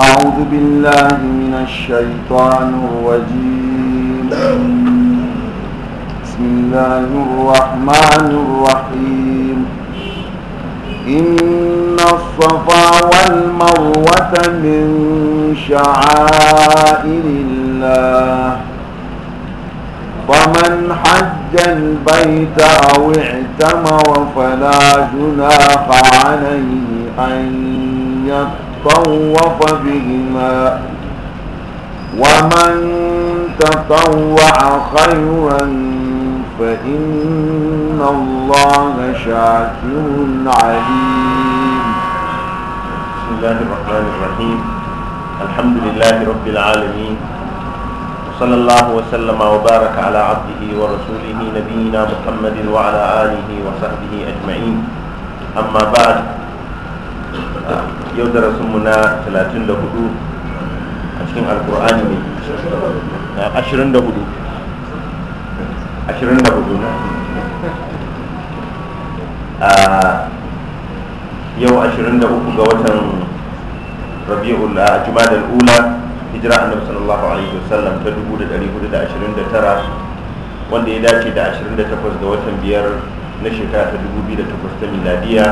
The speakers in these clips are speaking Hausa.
أعوذ بالله من الشيطان الرجيم بسم الله الرحمن الرحيم إن الصفا والمروة من شعائر الله فمن حج البيت أو اعتمر فلا جناح عليه أن يفعل تطوف بهما ومن تطوع خيرا فإن الله شاكر عليم بسم الله الرحمن الرحيم الحمد لله رب العالمين وصلى الله وسلم وبارك على عبده ورسوله نبينا محمد وعلى آله وصحبه أجمعين أما بعد yau darasinmu na 34 a cikin alkur'ani ne na 24 24 na ashirin yau 23 ga watan rabi'ul a jumadar ula hijira annabi sallallahu alaihi wasallam ta 1429 wanda ya dace da 28 ga watan biyar na shekara ta 2008 ta miladiya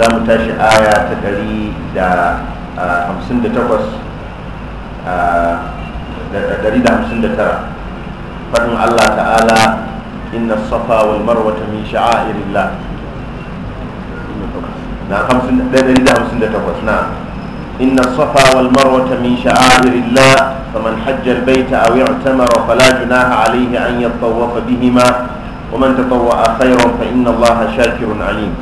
za mu tashi aya ta ɗari da ah, hamsin da takwas ah, da ɗari da hamsin da tara faɗin allah ta'ala inna safa wal marwa ta min sha'irillah na ɗari da hamsin da takwas na إن الصفا والمروة من شعائر الله فمن حج البيت أو اعتمر فلا جناح عليه أن يطوف بهما ومن تطوأ خيرا فإن الله شاكر عليم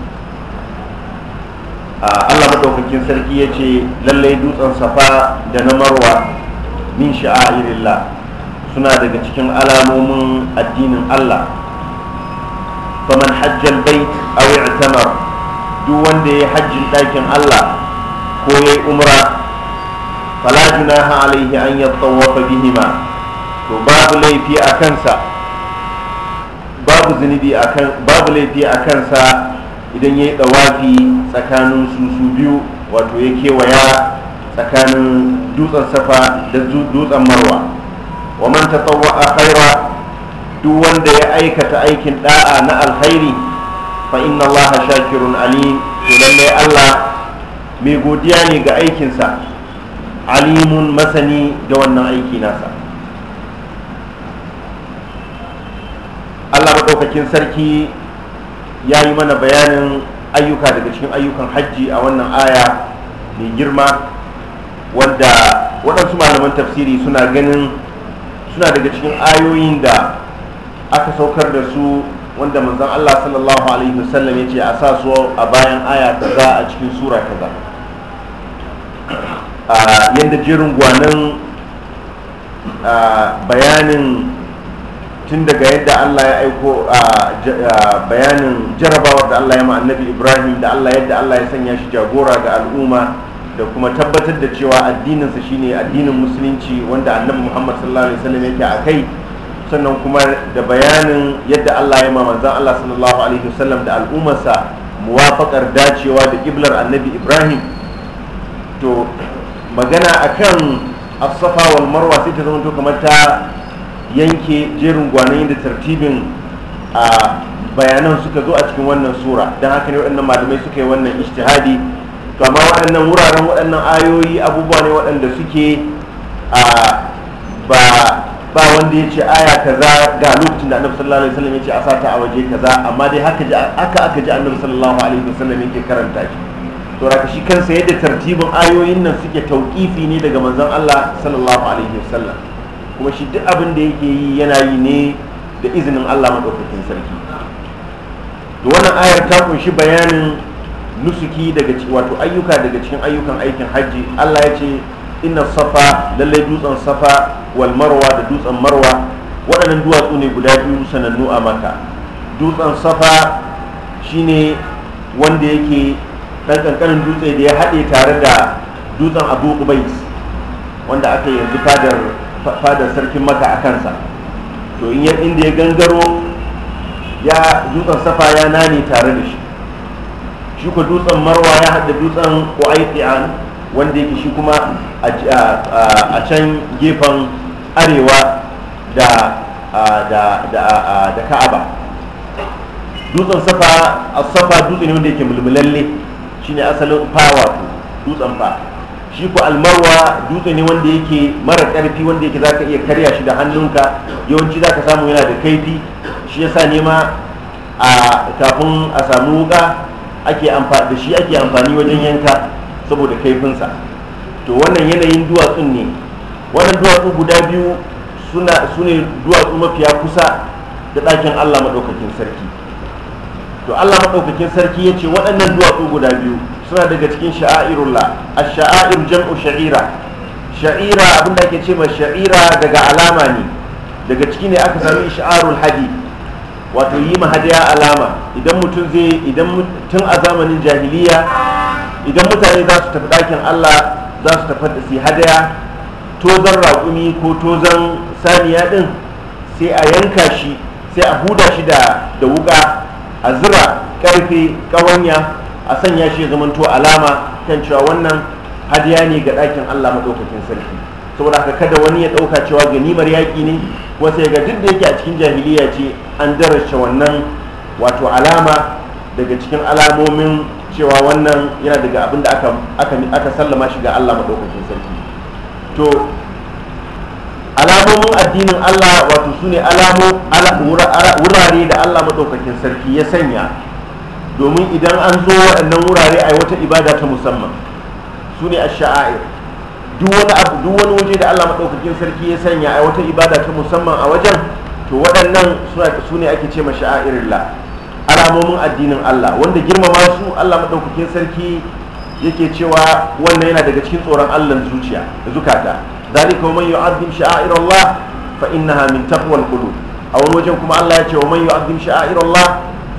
Ah, Allah madaukakin sarki ya ce lallai dutsen safa da na marwa min sha'airillah suna daga cikin alamomin addinin Allah faman hajjal bait aw i'tamar duk wanda ya hajjin ɗakin Allah ko ya yi umra fala ha alaihi an yatawafa bihima to babu laifi a kansa babu zunubi babu laifi a kansa idan ya yi ɗawafi tsakanin su biyu wato ya kewaya tsakanin dutsen safa da dutsen marwa wa man ta a khaira duk wanda ya aikata aikin da'a na alkhairi fa inna allaha shakirun alim to lallai allah mai godiya ne ga aikinsa alimun masani da wannan aiki nasa allah maɗaukakin sarki ya yi mana bayanin ayyuka daga cikin ayyukan hajji a wannan aya mai girma wadda waɗansu malaman tafsiri suna ganin suna daga cikin ayoyin da aka saukar da su wanda manzan Allah sallallahu alaihi wasallam ya ce a sa su a bayan aya kaza a cikin sura kaza a yadda jerin gwanan bayanin tun daga yadda Allah ya aiko a bayanin jarabawar da Allah ya ma annabi Ibrahim da Allah yadda Allah ya sanya shi jagora ga al'umma da kuma tabbatar da cewa addininsa shine addinin musulunci wanda annabi Muhammad sallallahu alaihi wasallam yake a kai sannan kuma da bayanin yadda Allah ya ma manzon Allah sallallahu alaihi wasallam da al'ummarsa muwafaqar dacewa da kiblar annabi Ibrahim to magana akan as wal marwa sai ta zama to kamar ta yanke jerin gwanon da tartibin a bayanan suka zo a cikin wannan sura don haka ne waɗannan malamai suka yi wannan ishtihadi to amma waɗannan wuraren waɗannan ayoyi abubuwa ne waɗanda suke a ba ba wanda ya ce aya kaza ga lokacin da annabi sallallahu alaihi wasallam ya ce a sata a waje kaza amma dai haka ji aka aka ji annabi sallallahu alaihi wasallam yake karanta shi to raka shi kansa yadda tartibin ayoyin nan suke tauƙifi ne daga manzon Allah sallallahu alaihi wasallam kuma shi duk abin da yake yi yana yi ne da izinin Allah maɗaukakin sarki to wannan ayar ta kunshi bayanin nusuki daga wato ayyuka daga cikin ayyukan aikin hajji Allah ya ce inna safa lallai dutsen safa wal marwa da dutsen marwa waɗannan duwatsu ne guda biyu sanannu a maka dutsen safa shine wanda yake ɗan ƙanƙanin dutse da ya haɗe tare da dutsen abu ubais wanda aka yanzu fadar fadar sarkin maka a kansa to in inda ya gangaro ya dutsen safa ya nane tare da shi shi ku dutsen marwa ya haɗa dutsen ƙwaiƙiyan wanda yake shi kuma a can gefen arewa da ka'aba dutsen safa a safa dutse ne wanda yake mulmulalle shine asalin fawa wato dutsen fa shi ku almarwa dutse ne wanda yake mara karfi wanda yake zaka iya karya shi da hannunka yawanci zaka samu yana da kaifi shi yasa nema a kafin a samu wuka ake da shi ake amfani wajen yanka saboda kaifinsa to wannan yanayin duwatsun ne wannan duwatsu guda biyu suna su ne duwatsu mafiya kusa da ɗakin allah maɗaukakin sarki to allah maɗaukakin sarki ya ce waɗannan duwatsu guda biyu suna daga cikin sha'airullah a sha'air jam'u sha'ira sha'ira abinda ake ce ma sha'ira daga alama ne daga ciki ne aka sami sha'arul hadi wato yi mahadiya alama idan mutum zai idan tun a zamanin jahiliya idan mutane za su tafi ɗakin allah za su tafi da su hadaya tozan raƙumi ko tozan saniya ɗin sai a yanka shi sai a huda shi da wuƙa a zira ƙarfe ƙawanya a sanya shi ya zamanto alama kan cewa wannan hadiya ne ga ɗakin Allah maɗaukakin sarki saboda haka kada wani ya ɗauka cewa ganimar yaƙi ne wasu ya ga duk da yake a cikin jahiliya ce an darasta wannan wato alama daga cikin alamomin cewa wannan yana daga abin da aka sallama shi ga Allah maɗaukakin sarki to alamomin addinin Allah wato su ne wurare da Allah maɗaukakin sarki ya sanya domin idan an zo waɗannan wurare a wata ibada ta musamman su ne a sha'air duk wani abu duk wani waje da allah maɗaukakin sarki ya sanya a wata ibada ta musamman a wajen to waɗannan su ne ake ce ma la alamomin addinin allah wanda girmama su allah maɗaukakin sarki yake cewa wannan yana daga cikin tsoron allan zuciya da zukata zalika wa man yu'azzim sha'airallah fa innaha min taqwal qulub a wani wajen kuma allah ya ce wa man yu'azzim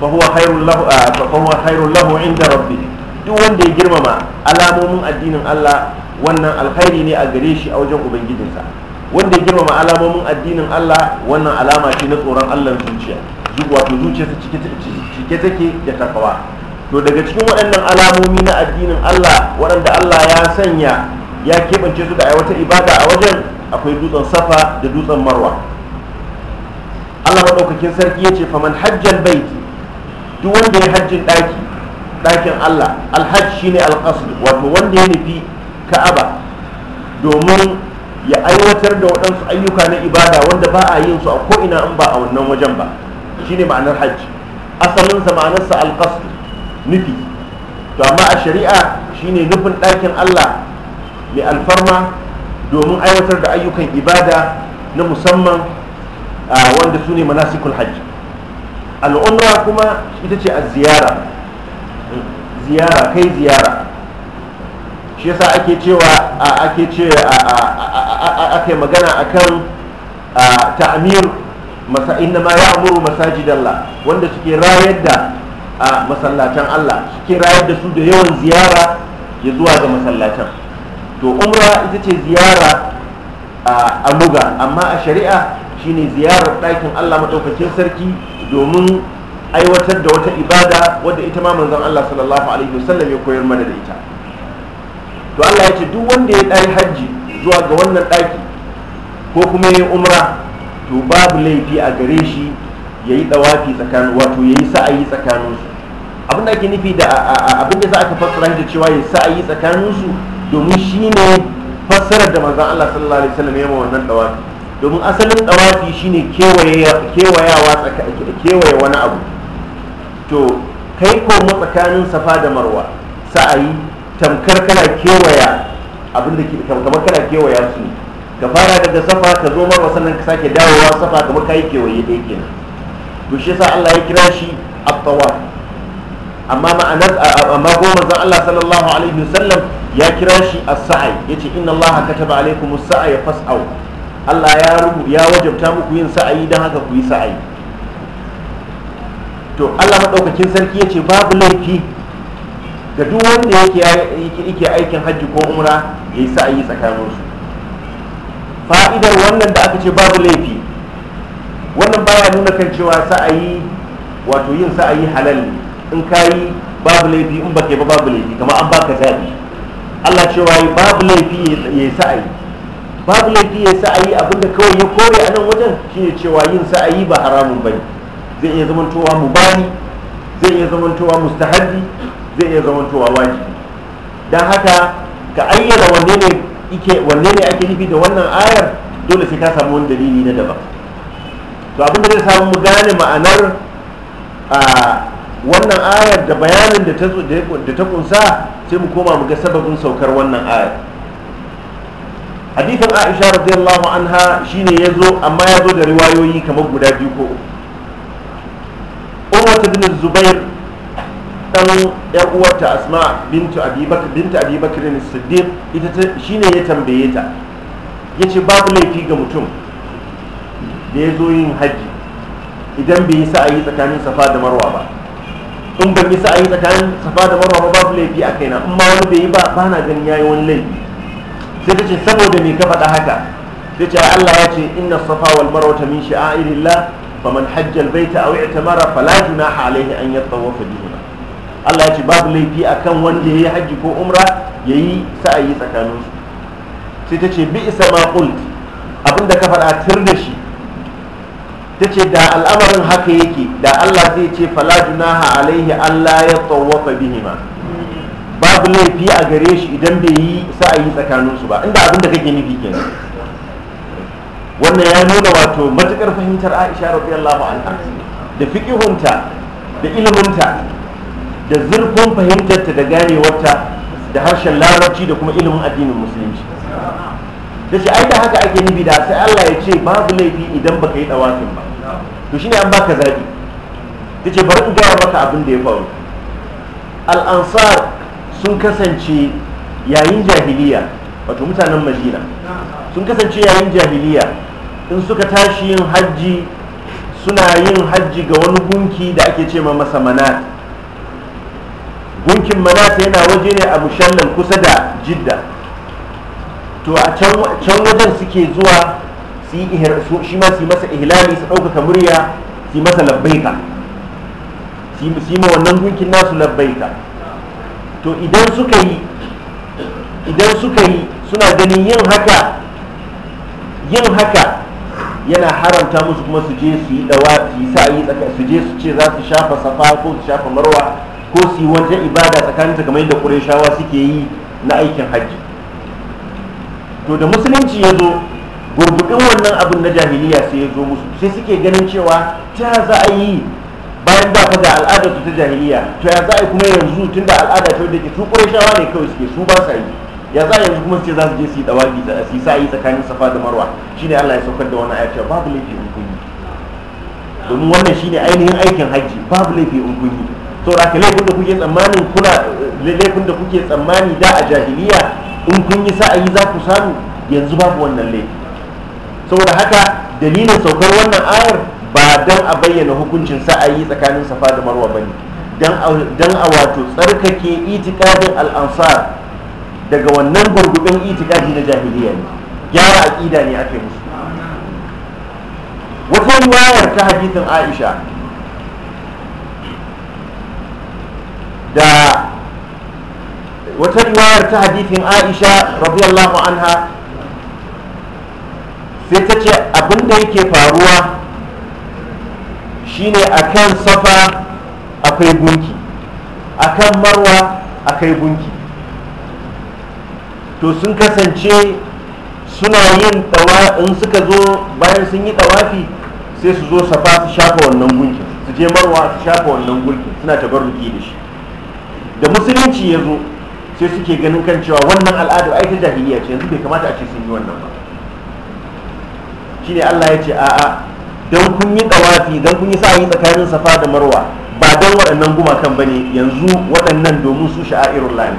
fa huwa khairul lahu ah, fa huwa khairul duk wanda ya girmama alamomin addinin Allah wannan alkhairi ne a gare shi a wajen ubangijinsa wanda ya girmama alamomin addinin Allah wannan alama ce na tsoron Allah zuciya wato zuciyarsa cike take da takawa to daga cikin waɗannan alamomi na addinin Allah waɗanda Allah ya sanya ya keɓance su da aiwatar ibada a wajen akwai dutsen safa da dutsen marwa Allah maɗaukakin sarki ya ce faman hajjal baiti duk wanda ya hajjin daki dakin Allah alhajj shine alqasd wato wanda ya nufi ka'aba domin ya aiwatar da waɗansu ayyuka na ibada wanda ba a yin su a ko ina in ba a wannan wajen ba shine ma'anar hajji asalin sa ma'anar sa alqasd nufi to amma a shari'a shine nufin dakin Allah mai alfarma domin aiwatar da ayyukan ibada na musamman ah, wanda su ne manasikul hajji al'umra kuma ita ce a ziyara ziyara kai ziyara shi yasa ake cewa ake ce ake magana akan ta'amir inna ma ya'muru allah wanda suke rayar da masallatan Allah suke rayar da su da yawan ziyara ya zuwa ga masallatan to umra ita ce ziyara a muga amma a shari'a shine ziyarar ɗakin Allah maɗaukakin sarki domin aiwatar da wata ibada wadda ita ma manzon Allah sallallahu alaihi wasallam ya koyar mana da ita to Allah ya ce duk wanda ya ɗari hajji zuwa ga wannan ɗaki ko kuma ya umra to babu laifi a gare shi ya yi ɗawafi tsakanin wato ya yi sa'ayi tsakanin su abin da ake nufi da abin da za a fassara da cewa ya sa'ayi tsakanin su domin shine fassarar da manzon Allah sallallahu alaihi wasallam ya ma wannan ɗawafi domin asalin ɗawafi shine kewayawa kewaye wani abu to kai ko matsakanin safa da marwa sa'ayi tamkar kana kewaya abinda ke kama kana kewaya su ka fara daga safa ka zo marwa sannan ka sake dawowa safa kamar kai kewaye ɗaya kenan to shi yasa Allah ya kira shi at amma ma'anar amma goma zan Allah sallallahu alaihi wasallam ya kira shi as-sa'i yace inna Allah kataba alaikum sa'a sai fas'au Allah ya rubu ya wajabta muku yin sa'ayi dan haka ku yi sa'ayi to Allah maɗaukakin sarki ya ce babu laifi ga duk wanda yake aikin hajji ko umra ya yi sa'ayi tsakaninsu fa'idar wannan da aka ce babu laifi wannan baya nuna kan cewa sa'ayi wato yin sa'ayi halal in ka yi babu laifi in ba ba babu laifi kamar an baka zaɓi Allah cewa babu laifi ya yi sa'ayi babu laifi ya sa'ayi abinda kawai ya kore a nan wajen shine cewa yin sa'ayi ba haramun ne zai iya zamantowa mubani zai iya zamantowa mustahabbi zai iya zamantowa wajibi don haka ka ayyana wanne ne ake nufi da wannan ayar dole sai ka samu wani dalili na daban to abinda zai samu mu gane ma'anar wannan ayar da bayanin da ta kunsa sai mu koma mu ga sababin saukar wannan ayar hadithin aisha radiyallahu anha shine ya zo amma ya zo da riwayoyi kamar guda biyu ko umar bin zubair dan yar uwarta asma bintu abubakar bintu abubakar siddiq ita shine ya tambaye ta yace babu laifi ga mutum da ya zo yin haji idan bai yi sa'ayi tsakanin safa da marwa ba in ban yi sa'ayi tsakanin safa da marwa ba babu laifi a kaina amma wani bai yi ba ba na ganin yayi wani laifi sai ta ce saboda me ka faɗa haka sai ce Allah ya ce inna safa wal marwata min sha'airillah faman hajjal baita aw i'tamara fala junaha alayhi an yatawafa bihima Allah ya ce babu laifi akan wanda yayi haji ko umra yayi sa'ayi tsakanin su sai ta ce bi isa ma qult abinda ka faɗa tir da shi ta ce da al'amarin haka yake da Allah zai ce fala junaha alaihi Allah ya tawafa bihima babu laifi a gare shi idan bai yi sa tsakanin tsakaninsu ba inda abin da kake nufi kenan wannan ya nuna wato matukar fahimtar aisha radiyallahu anha da fiƙihunta da iliminta da zurfin fahimtarta da ganewarta da harshen larabci da kuma ilimin addinin musulunci da shi ai da haka ake nufi da sai Allah ya ce babu laifi idan baka yi dawakin ba to shine an baka zabi tace bar in gaya maka abin da ya faru al-ansar sun kasance yayin jahiliya wato mutanen madina sun kasance yayin jahiliya in suka tashi yin hajji suna yin hajji ga wani gunki da ake ce ma masa manat gunkin manat yana waje ne a mushallan kusa da jidda to a can wajen suke zuwa shi ma su yi masa ihlali su ɗaukaka murya su yi masa labbaika su yi ma wannan gunkin nasu labbaika to idan suka yi idan suka yi suna ganin yin haka yin haka yana haramta musu kuma su je su yi dawa su yi su je su ce za su shafa safa ko su shafa marwa ko su yi wata ibada tsakanin ta kamar yadda suke yi na aikin hajji to da musulunci ya zo gurgudun wannan abin na jahiliya sai ya zo musu sai suke ganin cewa ta za a yi bayan da ka ga su ta jahiliya to ya za a kuma yanzu tun da al'ada ta wadda ke su shawa ne kawai suke su ba sa yi ya za a yanzu kuma ce za su je su yi dawagi da su sa'i tsakanin safa da marwa shine Allah ya saukar da wani ayat cewa babu laifi in kun yi domin wannan shine ainihin aikin hajji babu laifi in kun yi saboda ka laifin da kuke tsammanin kuna laifin da kuke tsammani da a jahiliya in kun yi sa'ayi za ku samu yanzu babu wannan laifi saboda haka dalilin saukar wannan ayar ba dan a bayyana hukuncin sa'ayi tsakanin safa da marwa ne dan a wato tsarkake itikadin al'ansar daga wannan gurgubin itikadi na jahiliya ne gyara aƙida ne ake musu wata riwayar ta hadithin aisha da wata riwayar ta hadithin aisha radiyallahu anha sai ta ce abinda yake faruwa shine akan safa akwai gunki akan marwa akwai gunki to sun kasance suna yin tawa in suka zo bayan sun yi tawafi sai su zo safa su shafa wannan gunki su je marwa su shafa wannan gunki suna tabarruki da shi da musulunci ya zo sai suke ganin kan cewa wannan al'adu ai ta jahiliya ce yanzu bai kamata a ce sun yi wannan ba shine Allah ya ce a'a don kun yi tawafi don kun yi sa'ayi tsakanin safa da marwa ba don waɗannan gumakan ba ne yanzu waɗannan domin su sha'airul lami.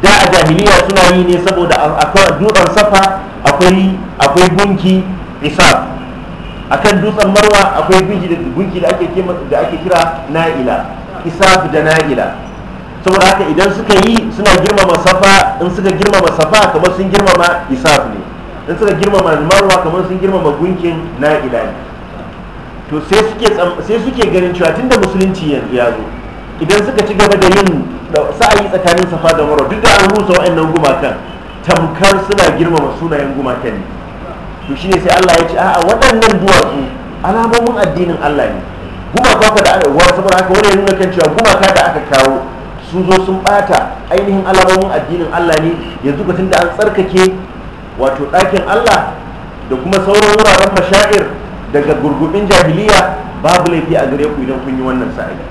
da a jahiliya suna yi ne saboda akwai dutsen safa akwai akwai gunki isaf akan dutsen marwa akwai gunki da ake da ake kira na'ila isaf da na'ila saboda haka idan suka yi suna girmama safa in suka girmama safa kamar sun girmama isaf ne in suka girmama maruwa kamar sun girmama gunkin na ilahi to sai suke ganin cewa tun da musulunci yanzu ya zo idan suka ci gaba da yin sa'ayi tsakanin safa da marwa duk da an rusa wa'annan gumakan tamkar suna girmama sunayen gumakan ne to shine sai Allah ya ce a waɗannan duwatsu alamomin addinin Allah ne gumaka da aka wa saboda haka wani nuna kan cewa gumaka da aka kawo sun zo sun bata ainihin alamomin addinin Allah ne yanzu tun da an tsarkake wato ɗakin allah da kuma sauran wuraren mashair daga gurgubin jahiliya babu laifi a gare ku idan kun yi wannan sa'ida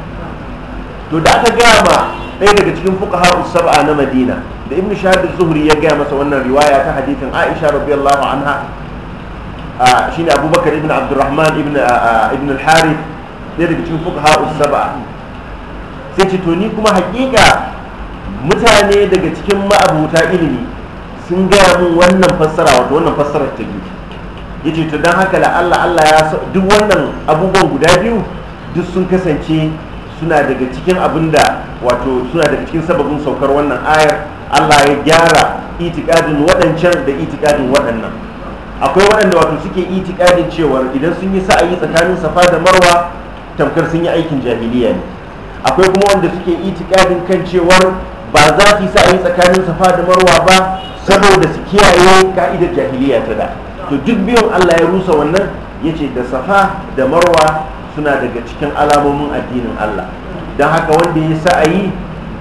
to da aka gaya ma ɗaya daga cikin fuqaha sab'a na madina da ibnu shahab zuhri ya gaya masa wannan riwaya ta hadithin aisha radiyallahu anha shine abubakar ibn abdurrahman ibn ibn al-harith ɗaya daga cikin fuqaha sab'a sai ce to ni kuma haƙiƙa mutane daga cikin ma'abuta ilimi sun gaya mun wannan fassara wato wannan fassara ta biyu Ya ce ta don haka la'alla Allah ya sa duk wannan abubuwan guda biyu duk sun kasance suna daga cikin da wato suna daga cikin sababin saukar wannan ayar Allah ya gyara itikadin waɗancan da itikadin waɗannan akwai waɗanda wato suke itikadin cewar idan sun yi sa'ayi tsakanin safa da marwa tamkar sun yi aikin jahiliya ne akwai kuma wanda suke itikadin kan cewa ba za su yi sa'ayi tsakanin safa da marwa ba saboda su kiyaye ka'idar jahiliya ta da to duk biyun Allah ya rusa wannan yace da safa da marwa suna daga cikin alamomin addinin Allah don haka wanda ya sa'ayi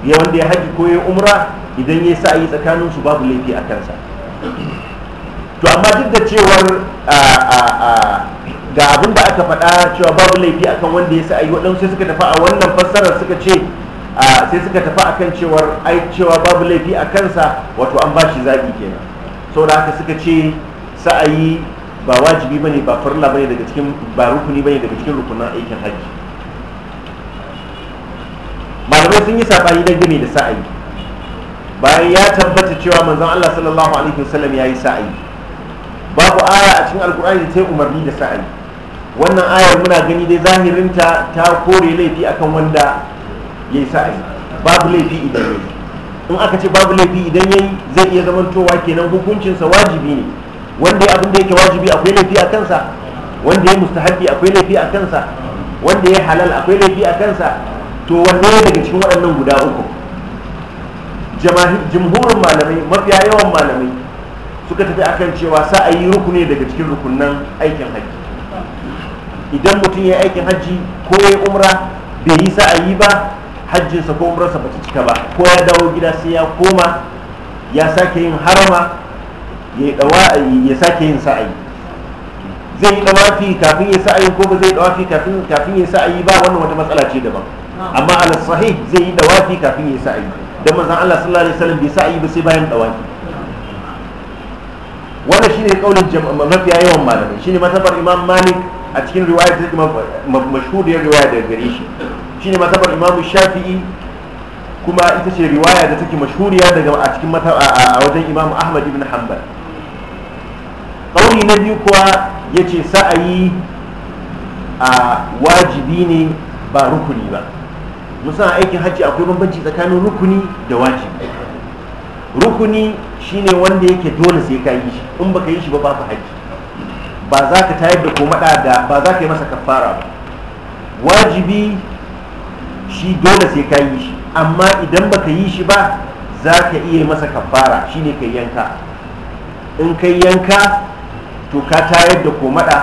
ya wanda ya haji ko ya umra idan ya sa'ayi tsakanin su babu laifi a kansa to amma duk da cewar ga abin da aka faɗa cewa babu laifi akan wanda ya sa'ayi waɗansu suka tafi a wannan fassarar suka ce sai suka tafi akan cewar ai cewa babu laifi a kansa wato an ba shi zaɓi kenan Sau da haka suka ce sa'ayi ba wajibi ne ba farla ne daga cikin ba rukuni ne daga cikin rukunan aikin hajji malamai sun yi saɓani dangane da sa'ayi bayan ya tabbata cewa manzon Allah sallallahu alaihi wasallam ya yi sa'ayi babu aya a cikin alkur'ani da ta yi umarni da sa'ayi wannan ayar muna gani dai zahirinta ta kore laifi akan wanda ya yi babu laifi idan yayi in aka ce babu laifi idan yayi zai iya zamantowa kenan hukuncinsa wajibi ne wanda abin da yake wajibi akwai laifi a kansa wanda ya mustahabi akwai laifi a kansa wanda ya halal akwai laifi a kansa to wanne daga cikin waɗannan guda uku jimhurin malamai mafiya yawan malamai suka tafi akan cewa sa'ayi rukuni daga cikin rukunan aikin hajji idan mutum ya aikin hajji ko ya umra bai yi sa'ayi ba hajjinsa ko umrarsa ba ta cika ba ko ya dawo gida sai ya koma ya sake yin harama ya dawa ya sake yin sa'ayi zai yi dawafi kafin ya sa'ayi ko ba zai dawafi kafin kafin ya sa'ayi ba wannan wata matsala ce daban amma ala sahih zai yi dawafi kafin ya sa'ayi dan manzon Allah sallallahu alaihi wasallam bai sa'ayi ba sai bayan dawafi wannan shine kaulin mafiya yawan malamai shine matabar imam malik a cikin riwayar da mashhuriyar riwaya da gare shi shine matabar imam shafi'i kuma ita ce riwaya da take mashuriya daga a cikin mata a wajen imam ahmad ibn hanbal ƙauri na biyu kuwa ya ce sa'ayi a wajibi ne ba rukuni ba musamman aikin hajji akwai bambanci tsakanin rukuni da wajibi rukuni shine wanda yake dole sai ka yi shi in baka yi shi ba babu hajji ba za ka tayar da komada da ba za ka yi masa kafara ba wajibi shi dole sai ka yi shi amma idan baka yi shi ba za ka iya masa kafara ne ka yanka in ka yanka to ka tayar da komada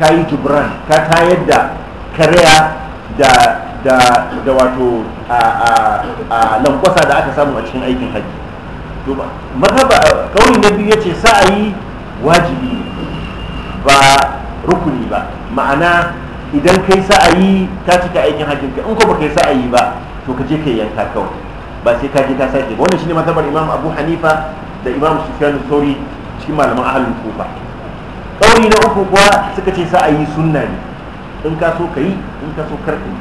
ka yi jubran ka tayar da karya da da da wato a lankwasa da aka samu a cikin aikin haji to mazhaba kauli na biyu yace sa'ayi wajibi ba rukuni ba ma'ana idan kai sa'ayi ka cika aikin hajjin ka in ko baka yi sa'ayi ba to ka je ka yanka kawai ba sai ka je ka sake ba wannan shine mazhabar imam abu hanifa da imam sufyan sauri cikin malaman ahlul kufa kauri na uku kuwa suka ce sa'ayi sunna ne in ka so ka yi in ka so kar ka yi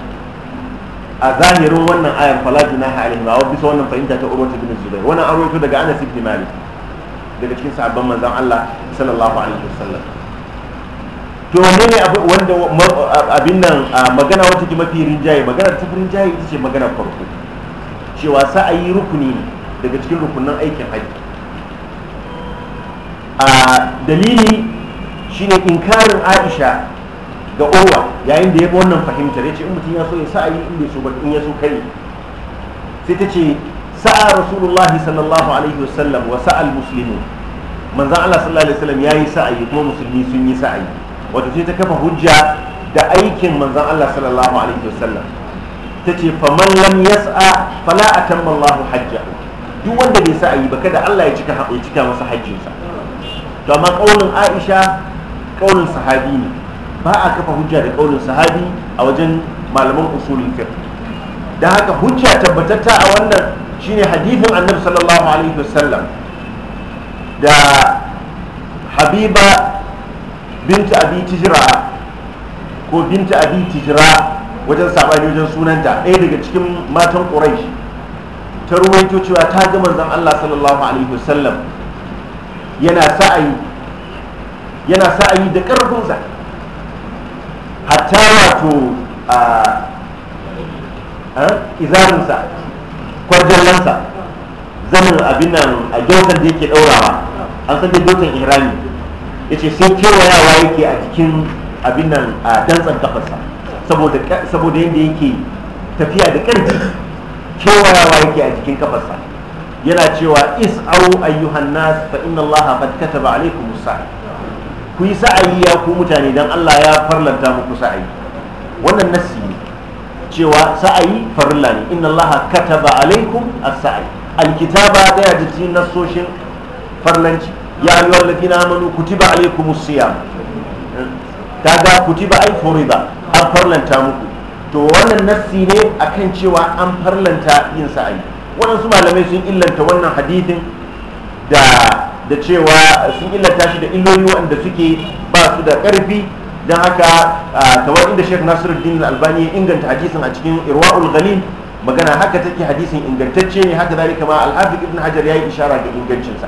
a zahirin wannan ayar fala junaha alaihi ba bisa wannan fahimta ta urwatu bin zubair wannan an daga anas ibn malik daga cikin sahabban manzon Allah sallallahu alaihi wasallam to wanne ne wanda abin nan magana wata ji mafi rinjaye magana ta rinjaye ita ce magana farko cewa sa'ayi rukuni daga cikin rukunin aikin hajji a dalili shine inkarin aisha ga owa yayin da ya wannan fahimtar ya ce in mutum ya so ya sa'ayi in bai so ba in ya so kai sai ta ce sa'a rasulullahi sallallahu alaihi wasallam wa al muslimun manzan allah sallallahu alaihi wasallam ya yi sa'ayi kuma musulmi sun yi sa'ayi wato ce ta kafa hujja da aikin manzon Allah sallallahu alaihi wasallam ta ce faman lam yas'a fala atamma Allahu hajja duk wanda bai sa ayi ba kada Allah ya cika ya cika masa hajjinsa to amma kaulin Aisha kaulin sahabi ne ba a kafa hujja da kaulin sahabi a wajen malaman usulul fiqh dan haka hujja tabbatatta a wannan shine hadithin annabi sallallahu alaihi wasallam da habiba binta abi tijira ko binta abi tijira wajen sabani wajen sunanta ɗaya daga cikin matan ƙuraish ta ruwaito cewa ta ga manzan Allah sallallahu alaihi wasallam yana sa'ayi yana sa'ayi da ƙarfin sa hatta wato a izarinsa kwarjallansa zanin abin nan a gyautar da yake ɗaurawa an san da gyautar ihrami ya ce sai kewayawa yake a jikin abin nan a dantsan kafarsa saboda yadda yake tafiya da ƙarfi kewayawa yake a jikin kafarsa yana cewa is'au ayyuhan nas fa inna allah qad kataba alaykum sa'i ku yi sa'ayi ya ku mutane dan Allah ya farlanta muku sa'ayi wannan nasi ne cewa sa'ayi farilla ne inna allah kataba alaykum as-sa'i alkitaba daya da cikin nasoshin farlanci ya ayyuhal ladina amanu kutiba alaykumus siyam kaga kutiba ay furida an farlanta muku to wannan nassi ne akan cewa an farlanta yin sa'ayi waɗansu malamai sun illanta wannan hadithin da da cewa sun illanta shi da illoli waɗanda suke ba su da ƙarfi don haka kamar inda sheikh nasiruddin albani ya inganta hadisin a cikin irwa'ul ghalil magana haka take hadisin ingantacce ne haka zalika ma al-hafiz ibn hajar yayi ishara ga ingancinsa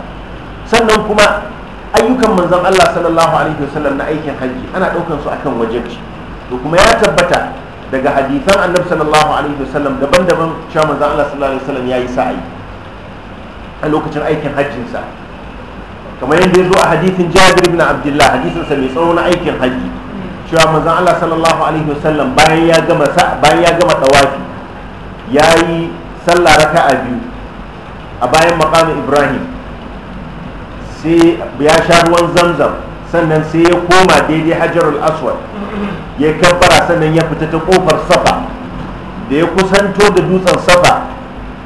sannan kuma ayyukan Manzan Allah sallallahu alaihi wasallam na aikin ana ɗaukan su akan wajibci to kuma ya tabbata daga hadisan annabi sallallahu alaihi wasallam daban-daban cewa Manzan Allah sallallahu alaihi wasallam yayi sa'i a lokacin aikin hajjin sa kamar yadda ya zo a hadisin Jabir ibn Abdullah hadisin sa mai tsawo na aikin hajji cewa Manzan Allah sallallahu alaihi wasallam bayan ya gama bayan ya gama tawafi yayi sallah raka'a biyu a bayan maqamin Ibrahim sai ya sha ruwan zamzam sannan sai ya koma daidai hajarul aswad ya kabbara sannan ya fita ta kofar safa da ya kusanto da dutsen safa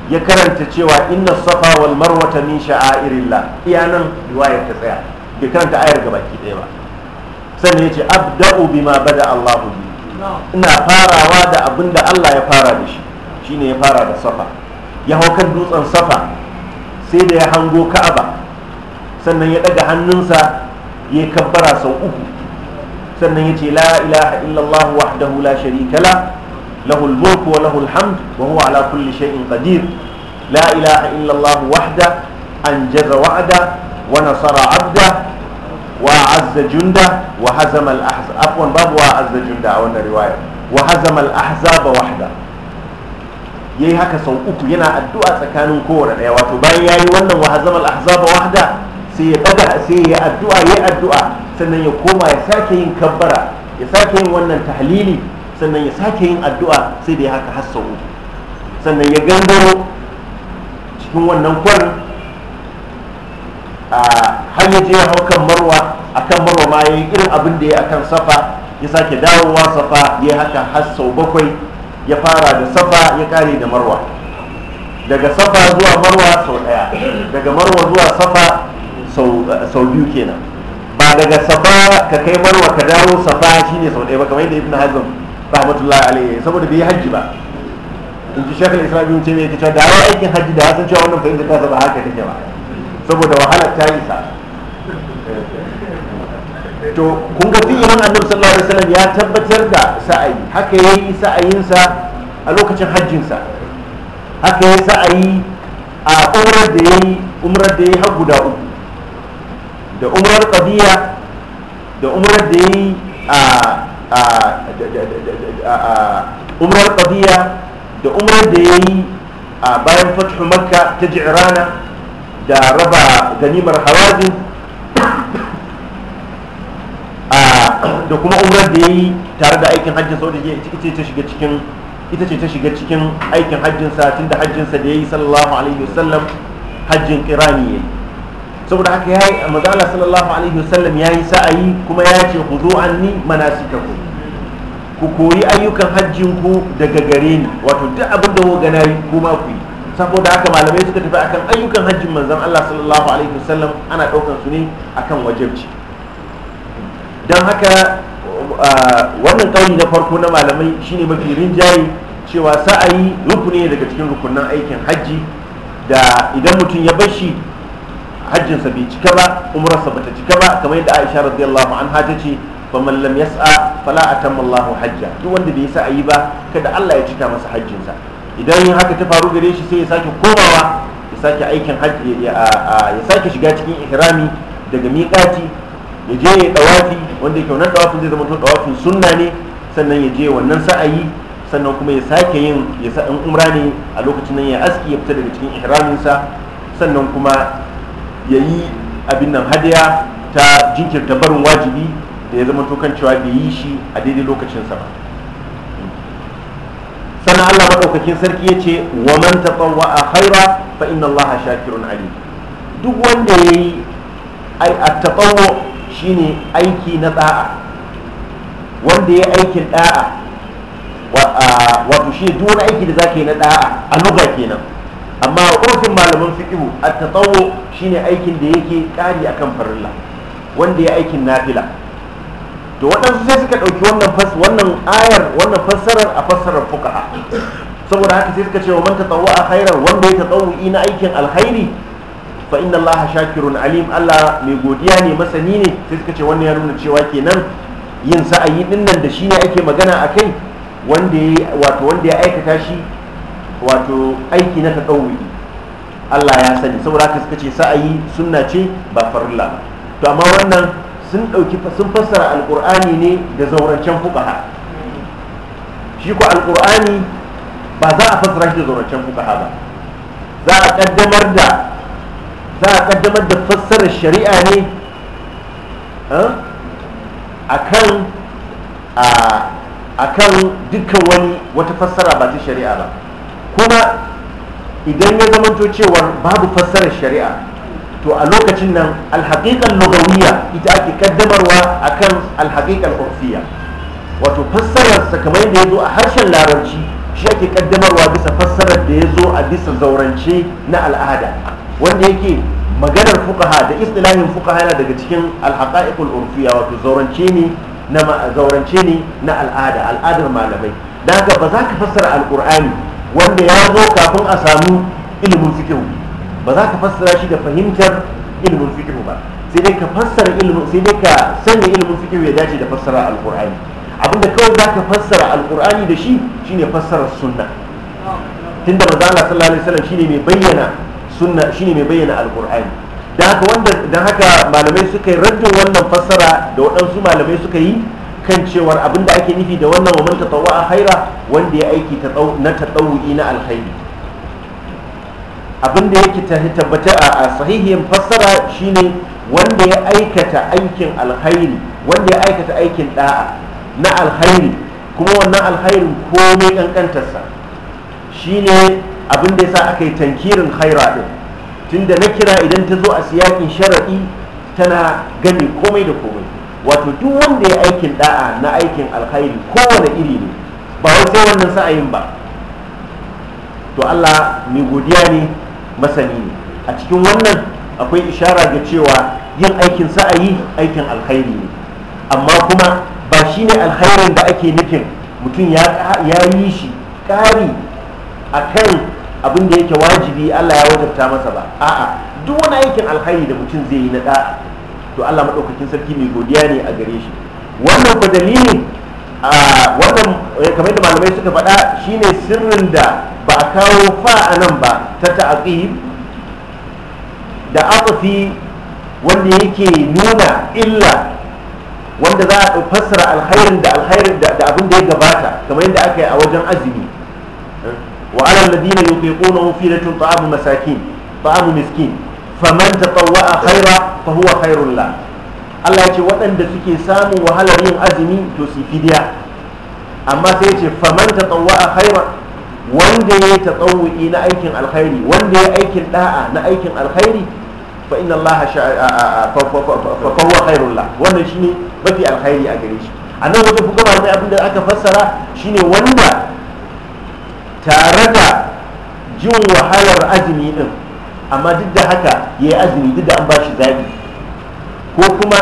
ya karanta cewa inna safa wal marwata min sha'airillah iya nan riwayar ta tsaya bai karanta ayar ga baki ɗaya ba sannan ya ce abda'u bima bada Allahu bi ina farawa da abin da Allah ya fara da shi shine ya fara da safa ya hau kan dutsen safa sai da ya hango ka'aba sannan ya daga hannunsa ya kabbara sau uku sannan ya ce la ilaha illallah wahdahu la sharika la lahu mulku wa lahu alhamd wa huwa ala kulli shay'in qadir la ilaha illallah wahda anjaza wa'da wa nasara 'abda wa azza junda wa hazama al-ahzab afwan babu wa azza junda a wannan riwaya wa hazama al-ahzaba wahda yayi haka sau uku yana addu'a tsakanin kowane daya wato bayan yayi wannan wa hazama al-ahzaba wahda sai ya daga sai ya addu'a ya addu'a sannan ya koma ya sake yin kabbara ya sake yin wannan tahlili sannan ya sake yin addu'a sai da ya haka har sannan ya gangaro cikin wannan kwarin a har ya je ya hau kan marwa akan marwa ma ya yi irin abin da ya akan safa ya sake dawowa safa ya haka har bakwai ya fara da safa ya kare da marwa daga safa zuwa marwa sau daya daga marwa zuwa safa Eh, sau biyu kenan ba daga safa ka kai marwa ka dawo safa shine sau ɗaya ba kamar yadda ibn hazm rahmatullahi alaihi saboda bai yi hajji ba in ji shekul islam ce mai yake cewa da yawa aikin hajji da hasan cewa wannan fahimta ta zaba haka take ba saboda wahalar ta sa to kun ga fi'ilin annabi sallallahu alaihi wasallam ya tabbatar da sa'ayi haka yayi sa'ayinsa a lokacin hajjinsa haka yayi sa'ayi a umrar da yayi umrar da yayi har guda uku da umar qadiya da umar da yi a umar qadiya da umar da ya yi a bayan fatih makka ta ji rana da raba ganimar hawazin da kuma umar da ya yi tare da aikin hajji sau da ya ita ta shiga cikin ita ce ta shiga cikin aikin hajjinsa tun da hajjinsa da ya yi sallallahu alaihi wasallam hajjin kirani yi saboda haka yi a Allah sallallahu alaihi wasallam yayi sa'ayi kuma ya ce khudhu anni manasikakum ku koyi ayyukan hajjinku daga gare ni wato duk abin da kuka gana ku ma ku yi saboda haka malamai suka tafi akan ayyukan hajjin manzan Allah sallallahu alaihi wasallam ana ɗaukan su ne akan wajibci dan haka wannan kauli na farko na malamai shine mafi rinjaye cewa sa'ayi rukuni daga cikin rukunin aikin hajji da idan mutum ya bar shi hajjinsa bai cika ba umrarsa bata cika ba kamar yadda Aisha radiyallahu anha ta ce man lam yas'a fala atamma Allahu hajja duk wanda bai sa ayi ba kada Allah ya cika masa hajjinsa idan haka ta faru gare shi sai ya sake komawa ya sake aikin hajji ya sake shiga cikin ihrami daga miƙati ya je ya dawafi wanda yake wannan dawafin zai zama to dawafin sunna ne sannan ya je wannan sa'ayi sannan kuma ya sake yin ya sa umra ne a lokacin nan ya aski ya fita daga cikin ihraminsa sannan kuma ya yi abin nan hadiya ta jinkirta barin wajibi da ya zama tokan cewa bai yi shi a daidai lokacinsa ba sannan allah maɗaukakin sarki ya ce wa man wa a haira fa inna allah shakirun ali duk wanda ya yi a shi ne aiki na ɗa'a wanda ya aikin ɗa'a wato shi duk wani aiki da za ka yi na ɗa'a a luga kenan amma urfin malaman fiqhu at-tatawwu shine aikin da yake kari akan farilla wanda ya aikin nafila to waɗansu sai suka ɗauki wannan wannan ayar wannan fassarar a fassarar fuqaha saboda haka sai suka ce wa man a khairan wanda ya tatawwi ina aikin alkhairi fa inna Allah shakirun alim allah mai godiya ne masani ne sai suka ce wannan ya nuna cewa kenan yin sa'ayi din nan da shine ake magana akai wanda ya wato wanda ya aikata shi wato aiki na taɗauri Allah ya sani saboda haka suka ce sa'ayi sunna ce ba farilla ba to amma wannan sun ɗauki sun fassara alƙur'ani ne da fuka ha, shi ko alƙur'ani ba za a fassara shi da fuka ha ba za a ƙaddamar da za a ƙaddamar da fassarar shari'a ne a kan dukkan wani wata fassara ba ta shari'a ba kuma idan ya zamanto cewa babu fassarar shari'a to a lokacin nan alhaƙiƙar lugawiyya ita ake kaddamarwa kan alhaƙiƙar urfiya wato fassarar kamar da ya zo a harshen larabci shi ake kaddamarwa bisa fassarar da ya zo a bisa zaurance na al'ada wanda yake maganar fukaha da istilahin fukaha yana daga cikin alhaƙa'iƙul urfiya wato zaurance ne na al'ada al'adar malamai da haka ba za ka fassara alƙur'ani wanda ya zo kafin a samu ilimin fikihu ba za ka fassara shi da fahimtar ilimin fikihu ba sai dai ka fassara ilimin sai dai ka sanya ilimin fikihu ya dace da fassara alkur'ani abinda kawai za ka fassara alkur'ani da shi shine fassarar sunna tunda manzo Allah sallallahu alaihi wasallam shine mai bayyana sunna shine mai bayyana alkur'ani da haka wanda dan haka malamai suka yi rajin wannan fassara da waɗansu malamai suka yi kan cewar da ake nufi da wannan ta tatawwa a haira wanda ya aiki na tatawu'i na alkhairi abinda yake tabbata a sahihiyar fassara shine wanda ya aikata aikin alkhairi wanda ya aikata aikin da'a na alkhairi kuma wannan alkhairin komai kankantarsa ne abin da yasa aka yi tankirin ɗin ɗin tunda na kira idan ta zo a siyakin shara'i tana gani komai da komai wato duk wanda ya aikin da'a na aikin alkhairi kowane iri ne ba wai sai wannan sa'ayin ba to Allah mai godiya ne masani ne a cikin wannan akwai ishara ga cewa yin aikin sa'ayi aikin alkhairi ne amma kuma ba shi ne alkhairin da ake nufin mutum ya yi shi kari a kan abin da yake wajibi allah ya wajabta masa ba a'a duk wani aikin alkhairi da mutum zai yi na da'a to Allah madaukakin sarki mai godiya ne a gare shi wannan ba dalili a wannan eh, kamar da malamai suka faɗa shine sirrin da ba a kawo fa a nan ba ta ta'aqib da afafi wanda yake nuna illa wanda za a fassara alkhairin da alkhairin da abin da ya gabata kamar yadda aka yi a wajen azumi wa alal ladina yutiquna fi latun ta'amu masakin ta'amu miskin faman tatawwa khaira fa huwa khairul la Allah ya ce waɗanda suke samun wahalar yin azumi to su fidiya amma sai ya ce faman tatawwa khaira wanda ya tatawwi na aikin alkhairi wanda ya aikin da'a na aikin alkhairi fa inna Allah fa huwa khairul la wannan shine mafi alkhairi a gare shi anan wajen kuma mai abin da aka fassara shine wanda tare da jin wahalar azumi din amma duk da haka ya yi azumi duk da an ba shi zaɓi ko kuma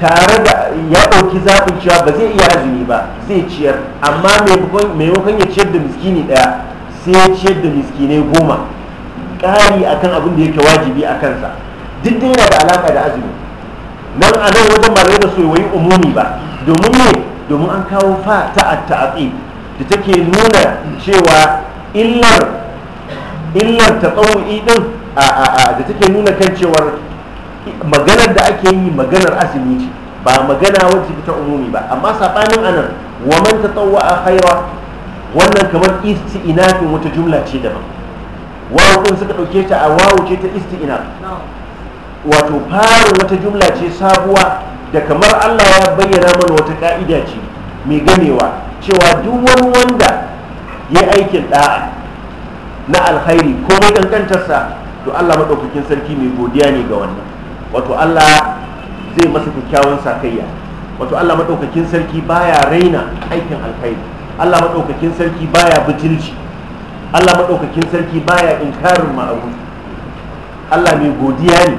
tare da ya ɗauki zaɓin cewa ba zai iya azumi ba zai ciyar amma maimakon ya ciyar da miskini ɗaya sai ya ciyar da miskinai goma ƙari akan abin da yake wajibi a kansa duk da yana da alaƙa da azumi nan a nan wajen ba zai da soyayyi umumi ba domin ne domin an kawo fa ta ta'atsi da take nuna cewa illar illar ta tsawon idin da take nuna kan cewar maganar da ake yi maganar azumi ce ba magana wacce ta umumi ba amma sabanin anan wa man tatawwa a khaira wannan kamar istinafin wata jumla ce daban wawun suka ɗauke ta a wawu ce ta isti'inaf wato farin wata jumla ce sabuwa da kamar Allah ya bayyana mana wata ka'ida ce mai ganewa cewa duk wani wanda ya aikin da'a na alkhairi ko mai kankantarsa to Allah madaukakin sarki mai godiya ne ga wannan wato Allah zai masa kyakkyawan sakayya wato Allah madaukakin sarki baya raina aikin alkhairi Allah madaukakin sarki baya butulci Allah madaukakin sarki baya inkarin ma'abu Allah mai godiya ne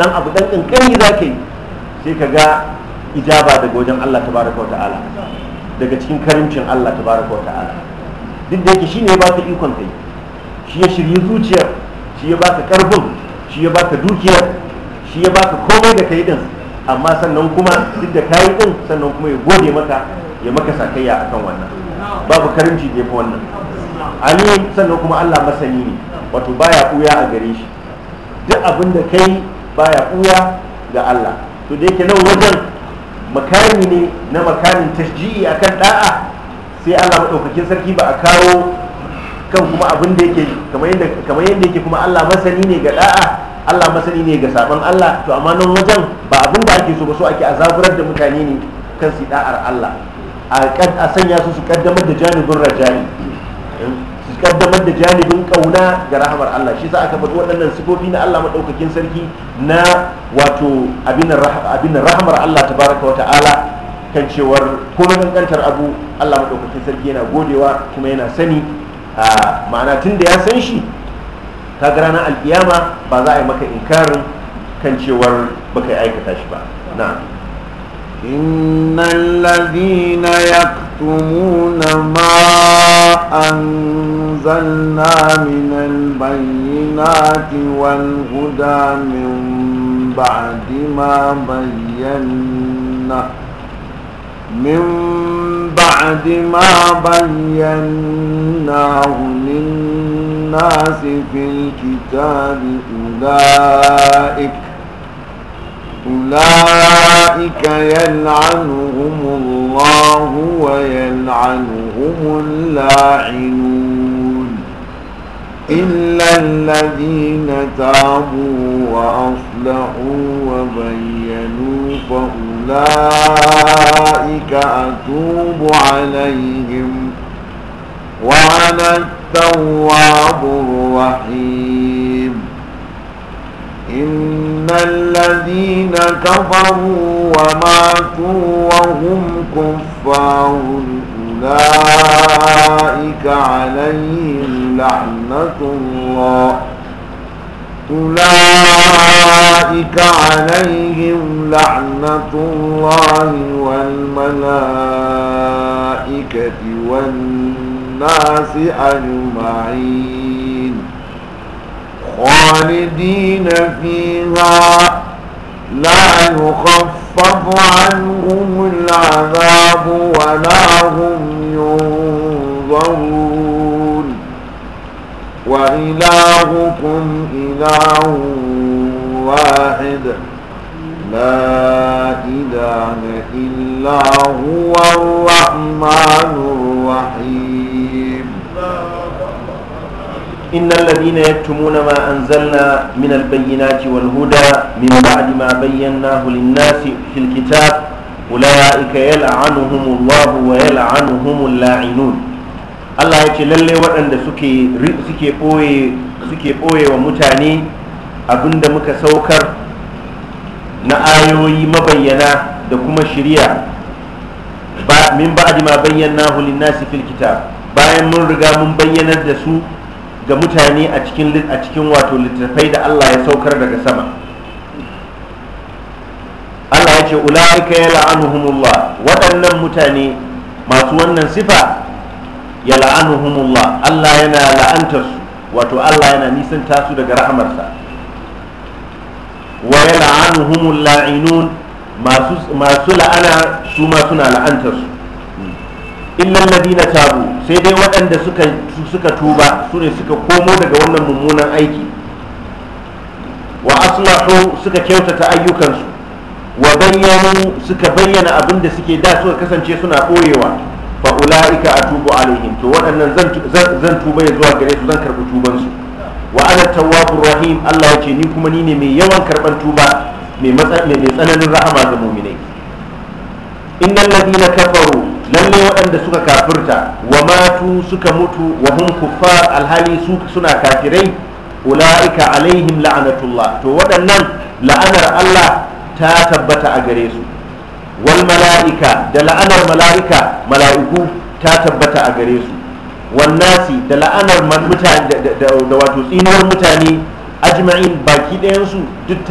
dan abu dan kankani zaka yi sai ka ga ijaba daga wajen Allah tabaraka wa ta'ala daga cikin karimcin Allah tabaraka wa ta'ala duk da yake shine ya ba ka ikon kai shi ya shirye zuciyar shi ya baka karfin shi ya baka dukiyar shi ya baka komai da kai din amma sannan kuma duk da yi din sannan kuma ya gode maka ya maka sakayya akan wannan babu karimci da yafi wannan ali sannan kuma Allah masani ne wato baya buya a gare shi duk abin da kai baya buya ga Allah to da yake nan wajen makami ne na makamin tashji'i akan da'a sai Allah maɗaukakin sarki ba a kawo kan kuma abin da yake kamar yadda yake kuma Allah masani ne ga da'a Allah masani ne ga saban Allah to amma nan wajen ba abin da ake so ba so ake azaburar da mutane ne kan su da'ar Allah a sanya su su kaddamar da janibin rajani su kaddamar da janibin kauna ga rahamar Allah shi za aka faɗi waɗannan sifofi na Allah maɗaukakin sarki na wato abin rahamar Allah ta baraka wa ta'ala kan cewar kuma kankantar abu Allah maɗaukakin sarki yana godewa kuma yana sani a ah, ma'ana tun da ya san shi ta gara na alƙiyama ba za a yi maka inkarin kan cewar baka yi aikata shi ba na innan na ya tumu na an zanna minan bayyana tiwon guda min ba dima bayyana min بعد ما بيناه للناس في الكتاب أولئك أولئك يلعنهم الله ويلعنهم اللاعنون إلا الذين تابوا وأصلحوا وبينوا فهم أولئك أتوب عليهم وأنا التواب الرحيم إن الذين كفروا وماتوا وهم كفار أولئك عليهم لعنة الله أولئك عليهم لعنة الله والملائكة والناس أجمعين خالدين فيها لا يخفف عنهم العذاب ولا هم ينظرون وإلهكم إله واحد لا إله إلا هو الرحمن الرحيم إن الذين يكتمون ما أنزلنا من البينات والهدى من بعد ما بيناه للناس في الكتاب أولئك يلعنهم الله ويلعنهم اللاعنون Allah ya ce lalle waɗanda suke ɓoye wa mutane abinda muka saukar na ayoyi mabayyana da kuma shirya ba min ba'di ma bayyana na linnasi fil kitab bayan mun riga mun bayyanar da su ga mutane a cikin wato littattafai da Allah ya saukar daga sama Allah ya ce ulaika la'anuhumullah waɗannan mutane masu wannan sifa ya la'anuhumullah Allah yana la'antar su wato Allah yana nisan tasu daga rahamarsa wa ya la'inun masu la'ana su ma suna la'antar su illal ladina tabu sai dai waɗanda suka suka tuba su ne suka komo daga wannan mummunan aiki wa aslahu suka kyautata ayyukansu wa bayyanu suka bayyana abinda suke da suka kasance suna ɓoyewa fa ulaika atubu alaihim to waɗannan zan tuba zuwa gare su zan karɓi tuban su wa ana tawwabur rahim Allah ya ni kuma ni ne mai yawan karban tuba mai tsananin rahama ga mu'minai innal ladina kafaru lalle waɗanda suka kafirta wa matu suka mutu wa hum kuffar alhali su suna kafirai ulaika alaihim la'anatullah to waɗannan la'anar Allah ta tabbata a gare su wal mala'ika da la'anar mala'ika mala'iku ta tabbata a gare su wan nasi da la'anar mutane da wato tsinuwar mutane ajma'in baki ɗayan su duk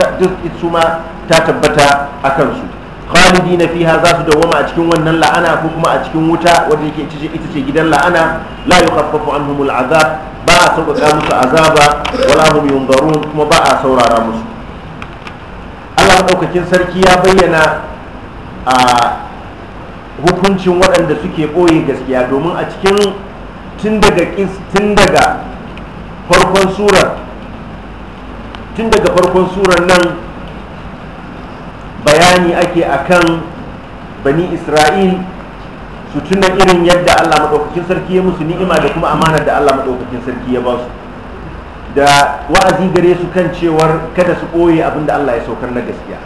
su ma ta tabbata a kansu na fiha za su dawoma a cikin wannan la'ana ko kuma a cikin wuta wanda yake ita ce gidan la'ana la yukhaffafu anhumul azab ba a sauƙaƙa musu azaba wala hum yunzarun kuma ba a saurara musu Allah madaukakin sarki ya bayyana a hukuncin waɗanda suke ɓoye gaskiya domin a cikin tun daga farkon surar tun daga farkon surar nan bayani ake akan bani isra'il su tuna irin yadda allah maɗaukakin sarki ya musu ni'ima da kuma amanar da allah maɗaukakin sarki ya ba su da wa'azi gare su kan cewar kada su ɓoye abinda allah ya saukar na gaskiya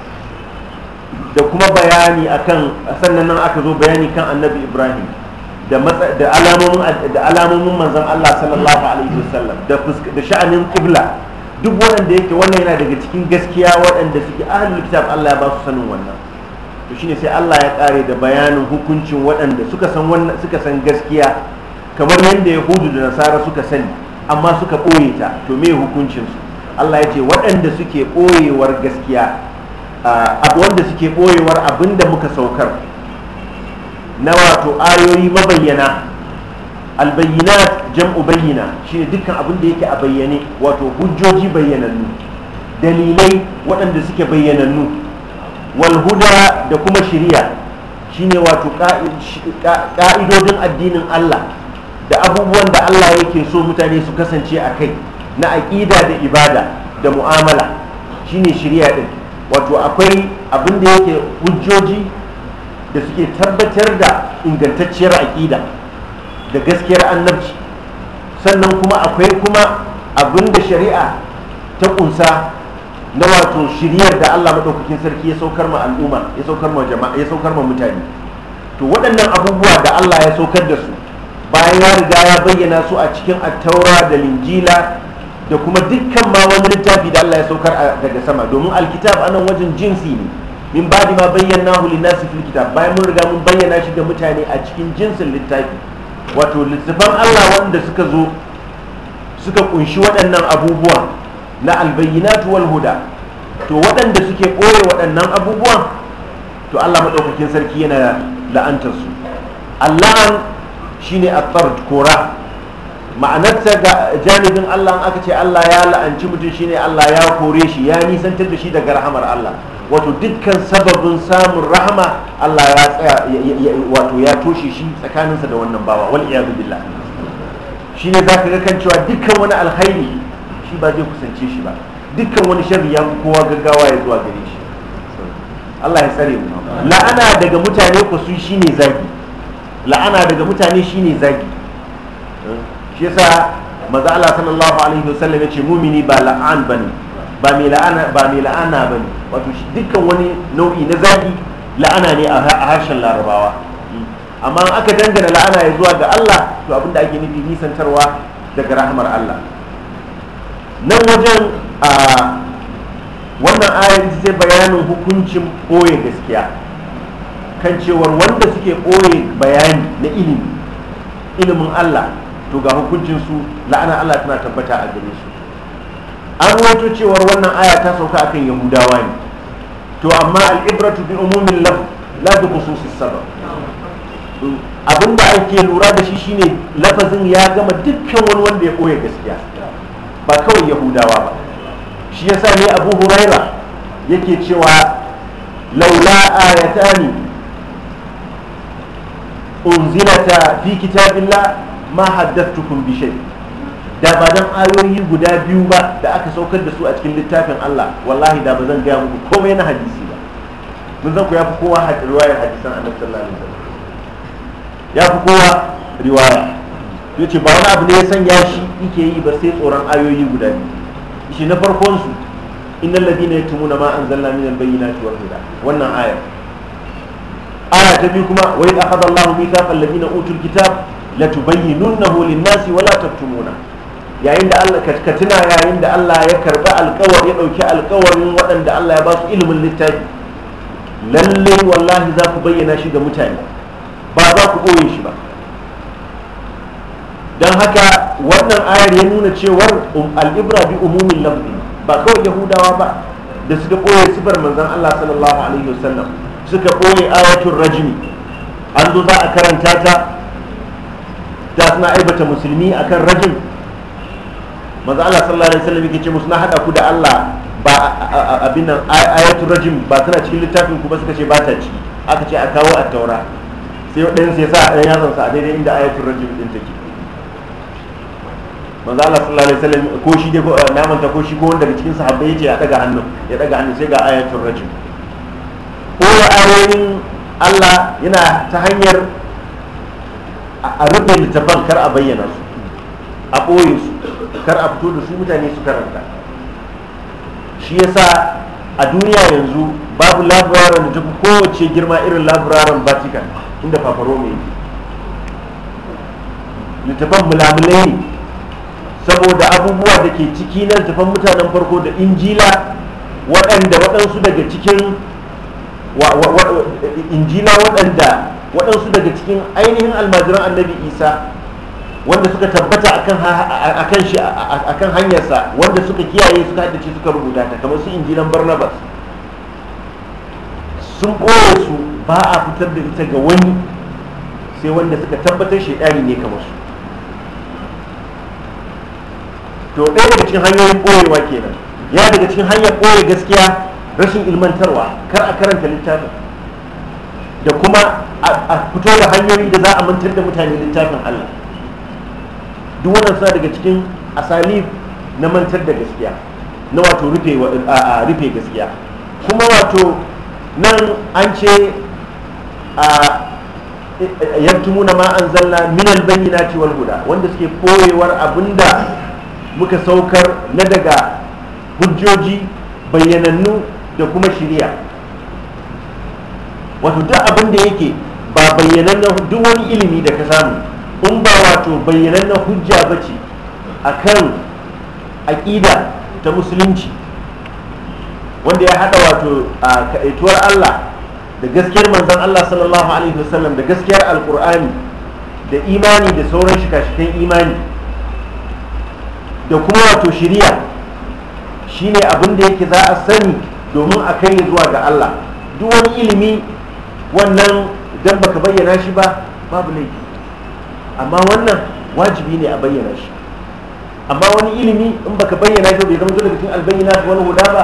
da kuma bayani akan sannan nan aka zo bayani kan annabi ibrahim da alamomin manzan allah sallallahu alaihi wasallam da sha'anin kubla duk waɗanda yake wannan yana daga cikin gaskiya waɗanda suke ahalin kitab allah ya ba su sanin wannan to shine sai allah ya ƙare da bayanin hukuncin waɗanda suka san san gaskiya kamar yadda yahudu da nasara suka sani amma suka ɓoye ta to me hukuncinsu allah ya ce waɗanda suke ɓoyewar gaskiya wanda suke ɓoyewar abin da muka saukar na wato ayoyi mabayyana albayyana jam'u bayyana, shi ne dukkan abin da yake a bayyane wato hujjoji bayyanannu dalilai waɗanda suke bayyanannu walhuda da kuma shiriya ne wato ƙa'idodin addinin Allah da abubuwan da Allah yake so mutane su kasance a kai na aƙida da ibada da mu'amala shi ne shirya ɗin wato akwai abin da yake hujjoji da suke tabbatar da ingantacciyar aƙida da gaskiyar annabci sannan kuma akwai kuma abin da shari'a ta kunsa na wato shiryar da allah maɗaukakin sarki ya saukar ma al'umma ya saukar ma jama'a ya saukar ma mutane to waɗannan abubuwa da allah ya saukar da su bayan ya riga ya bayyana su a cikin attaura da linjila da kuma dukkan ma wani littafi da Allah ya saukar daga sama domin alkitab anan wajen jinsi ne min ba'di ma bayyana lin-nasi fil kitab bayan mun riga mun bayyana shi ga mutane a cikin jinsin littafi wato littafan Allah wanda suka zo suka kunshi waɗannan abubuwan na albayyinatu wal huda to waɗanda suke ɓoye waɗannan abubuwan to Allah maɗaukakin sarki yana la'antar su Allah shine at kora ma'anarsa ga janibin Allah aka ce Allah ya la'anci mutum shine Allah ya kore shi ya nisantar da shi daga rahamar Allah wato dukkan sababin samun rahama Allah ya tsaya wato ya toshe shi tsakaninsa da wannan bawa wal iyadu billah shine zaka ga kan cewa dukkan wani alkhairi shi ba zai kusance shi ba dukkan wani sharri ya kowa gaggawa ya zuwa gare shi Allah ya tsare mu la'ana daga mutane ku su shine zagi la'ana daga mutane shine zagi shi yasa maza Allah sallallahu alaihi wasallam ya ce mumini ba la'an bane ba mai la'ana ba mai la'ana bane wato dukkan wani nau'i na zagi la'ana ne a harshen larabawa amma aka dangana la'ana ya zuwa ga Allah to abin da ake nufi nisantarwa daga rahamar Allah nan wajen a wannan ayar zai bayanin hukuncin ɓoye gaskiya kan cewar wanda suke ɓoye bayani na ilimi ilimin Allah to ga hukuncin su la'ana Allah tana tabbata a gare su an wato cewar wannan aya ta sauka akan yahudawa ne to amma al'ibratu bi umumin laf la bi khususis sabab abin da ake lura da shi shine lafazin ya gama dukkan wani wanda ya koya gaskiya ba kawai yahudawa ba shi yasa ne abu huraira yake cewa laula ayatani unzilata fi kitabillah ma haddathtukum bi shay da ba dan ayoyi guda biyu ba da aka saukar da su a cikin littafin Allah wallahi da ba zan gaya muku komai na hadisi ba mun zan ku ya fi kowa riwaya hadisan annabi sallallahu alaihi wasallam ya fi kowa riwaya yace ba wani abu ne ya sanya shi yake yi ba sai tsoron ayoyi guda biyu shi na farkon su innal ladina yatumuna ma anzalna minal bayyinati wal huda wannan ayar aya ta biyu kuma wa idh akhadha Allahu mithaqa alladhina utul kitab la tubayyinunnahu lin-nasi wa yayin da Allah ka tuna yayin da Allah ya karba alƙawari ya dauki alƙawarin waɗanda Allah ya ba su ilimin littafi lalle wallahi za ku bayyana shi ga mutane ba za ku ɓoye shi ba don haka wannan ayar ya nuna cewar al'ibra bi umumin lafzi ba kawai yahudawa ba da suka ɓoye sifar manzon Allah sallallahu alaihi wasallam suka ɓoye ayatul rajimi an zo za a karanta ta da suna aibata musulmi akan rajin maza Allah sallallahu alaihi wasallam yake ce musu na hada ku da Allah ba abin nan ayatul rajim ba tana cikin littafin ku ba suka ce ba ta ciki aka ce a kawo a taura sai ɗayan sai sa ɗayan yaron sa a daidai inda ayatul rajim din take maza Allah sallallahu alaihi wasallam ko shi dai eh, na manta ko shi ko wanda daga cikin sahabbai ya daga hannu ya daga hannu sai ga ayatul rajim ko ayoyin Allah yana ta hanyar a rufe littafan kar a bayyana su a ɓoye su kar a fito da su mutane su karanta shi yasa a duniya yanzu babu laburaren da tafi kowace girma irin laburaren vatican inda fafaro mai littafan mulamulai ne saboda abubuwa da ke ciki na littafan mutanen farko da injila waɗanda waɗansu daga cikin injila waɗanda waɗansu daga cikin ainihin almajiran annabi isa wanda suka tabbata akan shi akan hanyarsa wanda suka kiyaye suka haddace suka rubuta ta kamar su injinan barnabas sun ɓoye su ba a fitar da ita ga wani sai wanda suka tabbatar shaidani ne kamar su to ɗaya daga cikin hanyoyin ɓoyewa kenan ya daga cikin hanyar ɓoye gaskiya rashin ilmantarwa kar a karanta littafin da kuma a fito da hanyoyi da za a mantar da mutane littafin Allah duk wannan suna daga cikin asali na mantar da gaskiya na wato rufe gaskiya kuma wato nan an ce a yantumuna ma an zalla minal bayyinati wal guda wanda suke koyewar abinda muka saukar na daga hujjoji bayyanannu da kuma shiriya wato duk abin da yake ba na duk wani ilimi da ka samu in ba wato bayyanan na hujja ba ce a kan aƙida ta musulunci wanda ya haɗa wato a kaɗaituwar allah da gaskiyar manzan allah sallallahu alaihi wasallam da gaskiyar alƙur'ani da imani da sauran shika-shikan imani da kuma wato shiriya shine abin da yake za a sani domin a kai zuwa ga allah duk wani ilimi wannan idan baka bayyana shi ba babu laifi amma wannan wajibi ne a bayyana shi amma wani ilimi in baka bayyana shi bai zama dole cikin albayyana ta wani huda ba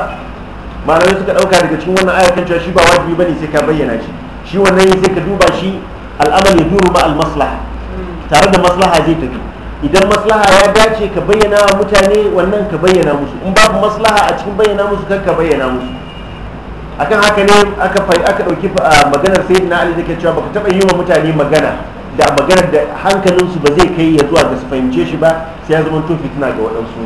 malamai suka dauka daga cikin wannan ayatan cewa shi ba wajibi bane sai ka bayyana shi shi wannan sai ka duba shi al'amal ya duru ma al-maslaha tare da maslaha zai tafi idan maslaha ya dace ka bayyana mutane wannan ka bayyana musu in babu maslaha a cikin bayyana musu kar ka bayyana musu akan haka ne aka aka dauki ah, maganar na ali da cewa baka taba yi wa mutane magana da maganar da hankalinsu ba zai kai ya zuwa ga su fahimce shi ba sai ya zama to fitina ga waɗansu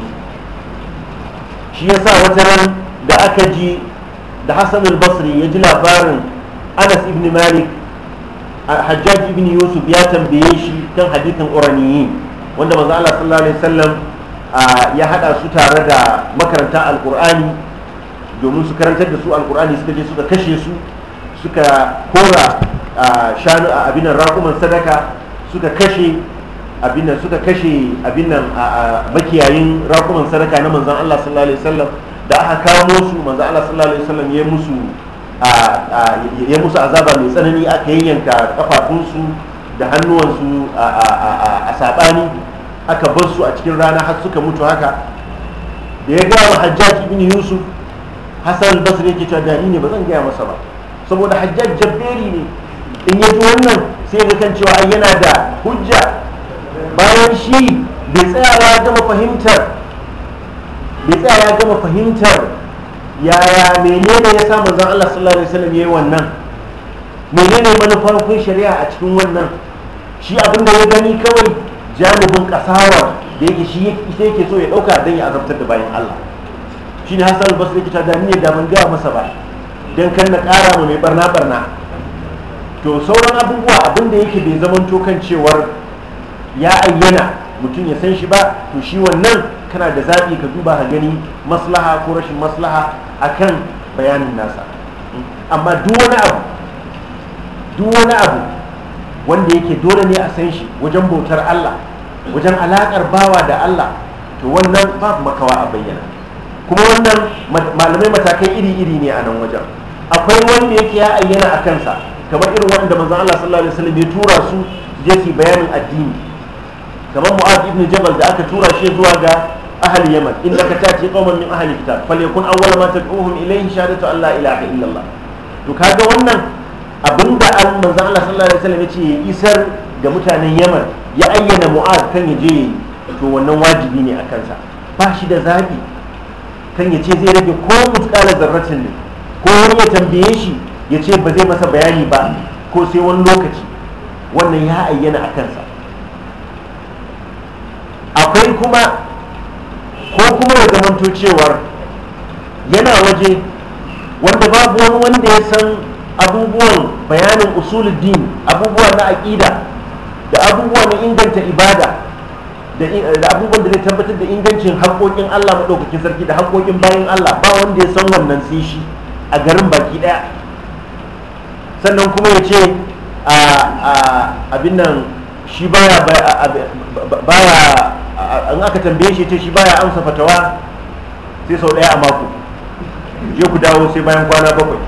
shi yasa wata ran da aka ji da hassan al-basri ya ji labarin anas ibn malik hajjaj ibn yusuf ya tambaye shi kan hadithin uraniyi wanda manzo Allah sallallahu alaihi wasallam ah, ya hada su tare da makaranta alqur'ani domin su karantar da su alkur'ani suka je suka kashe su suka kora shanu a abin rakuman sadaka suka kashe abin suka kashe abin a makiyayin rakuman sadaka na manzan Allah sallallahu alaihi wasallam da aka kamo su manzan Allah sallallahu alaihi wasallam ya musu ya musu azaba mai tsanani aka yanyanka kafafunsu da hannuwansu a saɓani aka bar su a cikin rana har suka mutu haka da ya gawa hajjaji ibn yusuf hassan basri ke cewa dani ne ba zan gaya masa ba saboda hajjaj jabberi ne in ya ji wannan sai ga kan cewa ai yana da hujja bayan shi bai tsaya ya gama fahimtar bai tsaya ya gama fahimtar yaya menene ya sa manzon Allah sallallahu alaihi wasallam yayi wannan menene manufar kun shari'a a cikin wannan shi abin da ya gani kawai jami'un kasawar da yake shi yake so ya dauka dan ya azabtar da bayan Allah shine hasan basri kita da ni da ban gaya masa ba dan kan na kara mu mai barna barna to sauran abubuwa abin da yake bai zaman to kan cewar ya ayyana mutum ya san shi ba to shi wannan kana da zaɓi ka duba ka gani maslaha ko rashin maslaha akan bayanin nasa amma duk wani abu duk wani abu wanda yake dole ne a san shi wajen bautar Allah wajen alaƙar bawa da Allah to wannan babu makawa a bayyana kuma wannan malamai matakai iri-iri ne a nan wajen akwai wanda yake ya ayyana a kansa kamar irin wanda manzon Allah sallallahu alaihi wasallam ya tura su yake bayanin addini kamar mu'ad ibn Jabal da aka tura shi zuwa ga ahli Yaman ka tace qauman min ahli kitab yakun awwal ma tad'uhum ilayhi shahadatu an la ilaha illallah to kaga wannan abinda an manzon Allah sallallahu alaihi wasallam yace ya isar ga mutanen Yaman ya ayyana mu'ad kan ya je to wannan wajibi ne a kansa ba shi da zabi kan ya ce zai rage ko mutsala zarracin ne ko wani ya tambaye shi ya ce ba zai masa bayani ba ko sai wani lokaci wannan ya ayyana a kansa akwai kuma ko kuma ya zamanto cewar yana waje wanda babu wani wanda ya san abubuwan bayanin usulul din abubuwa na aƙida da abubuwa na inganta ibada da abubuwan da zai tabbatar da ingancin haƙoƙin Allah maɗaukakin sarki da haƙoƙin bayan Allah ba wanda ya san wannan sai shi a garin baki ɗaya sannan kuma ya ce abin nan shi baya baya an aka tambaye shi ce shi baya amsa fatawa sai sau ɗaya a mako je ku dawo sai bayan kwana bakwai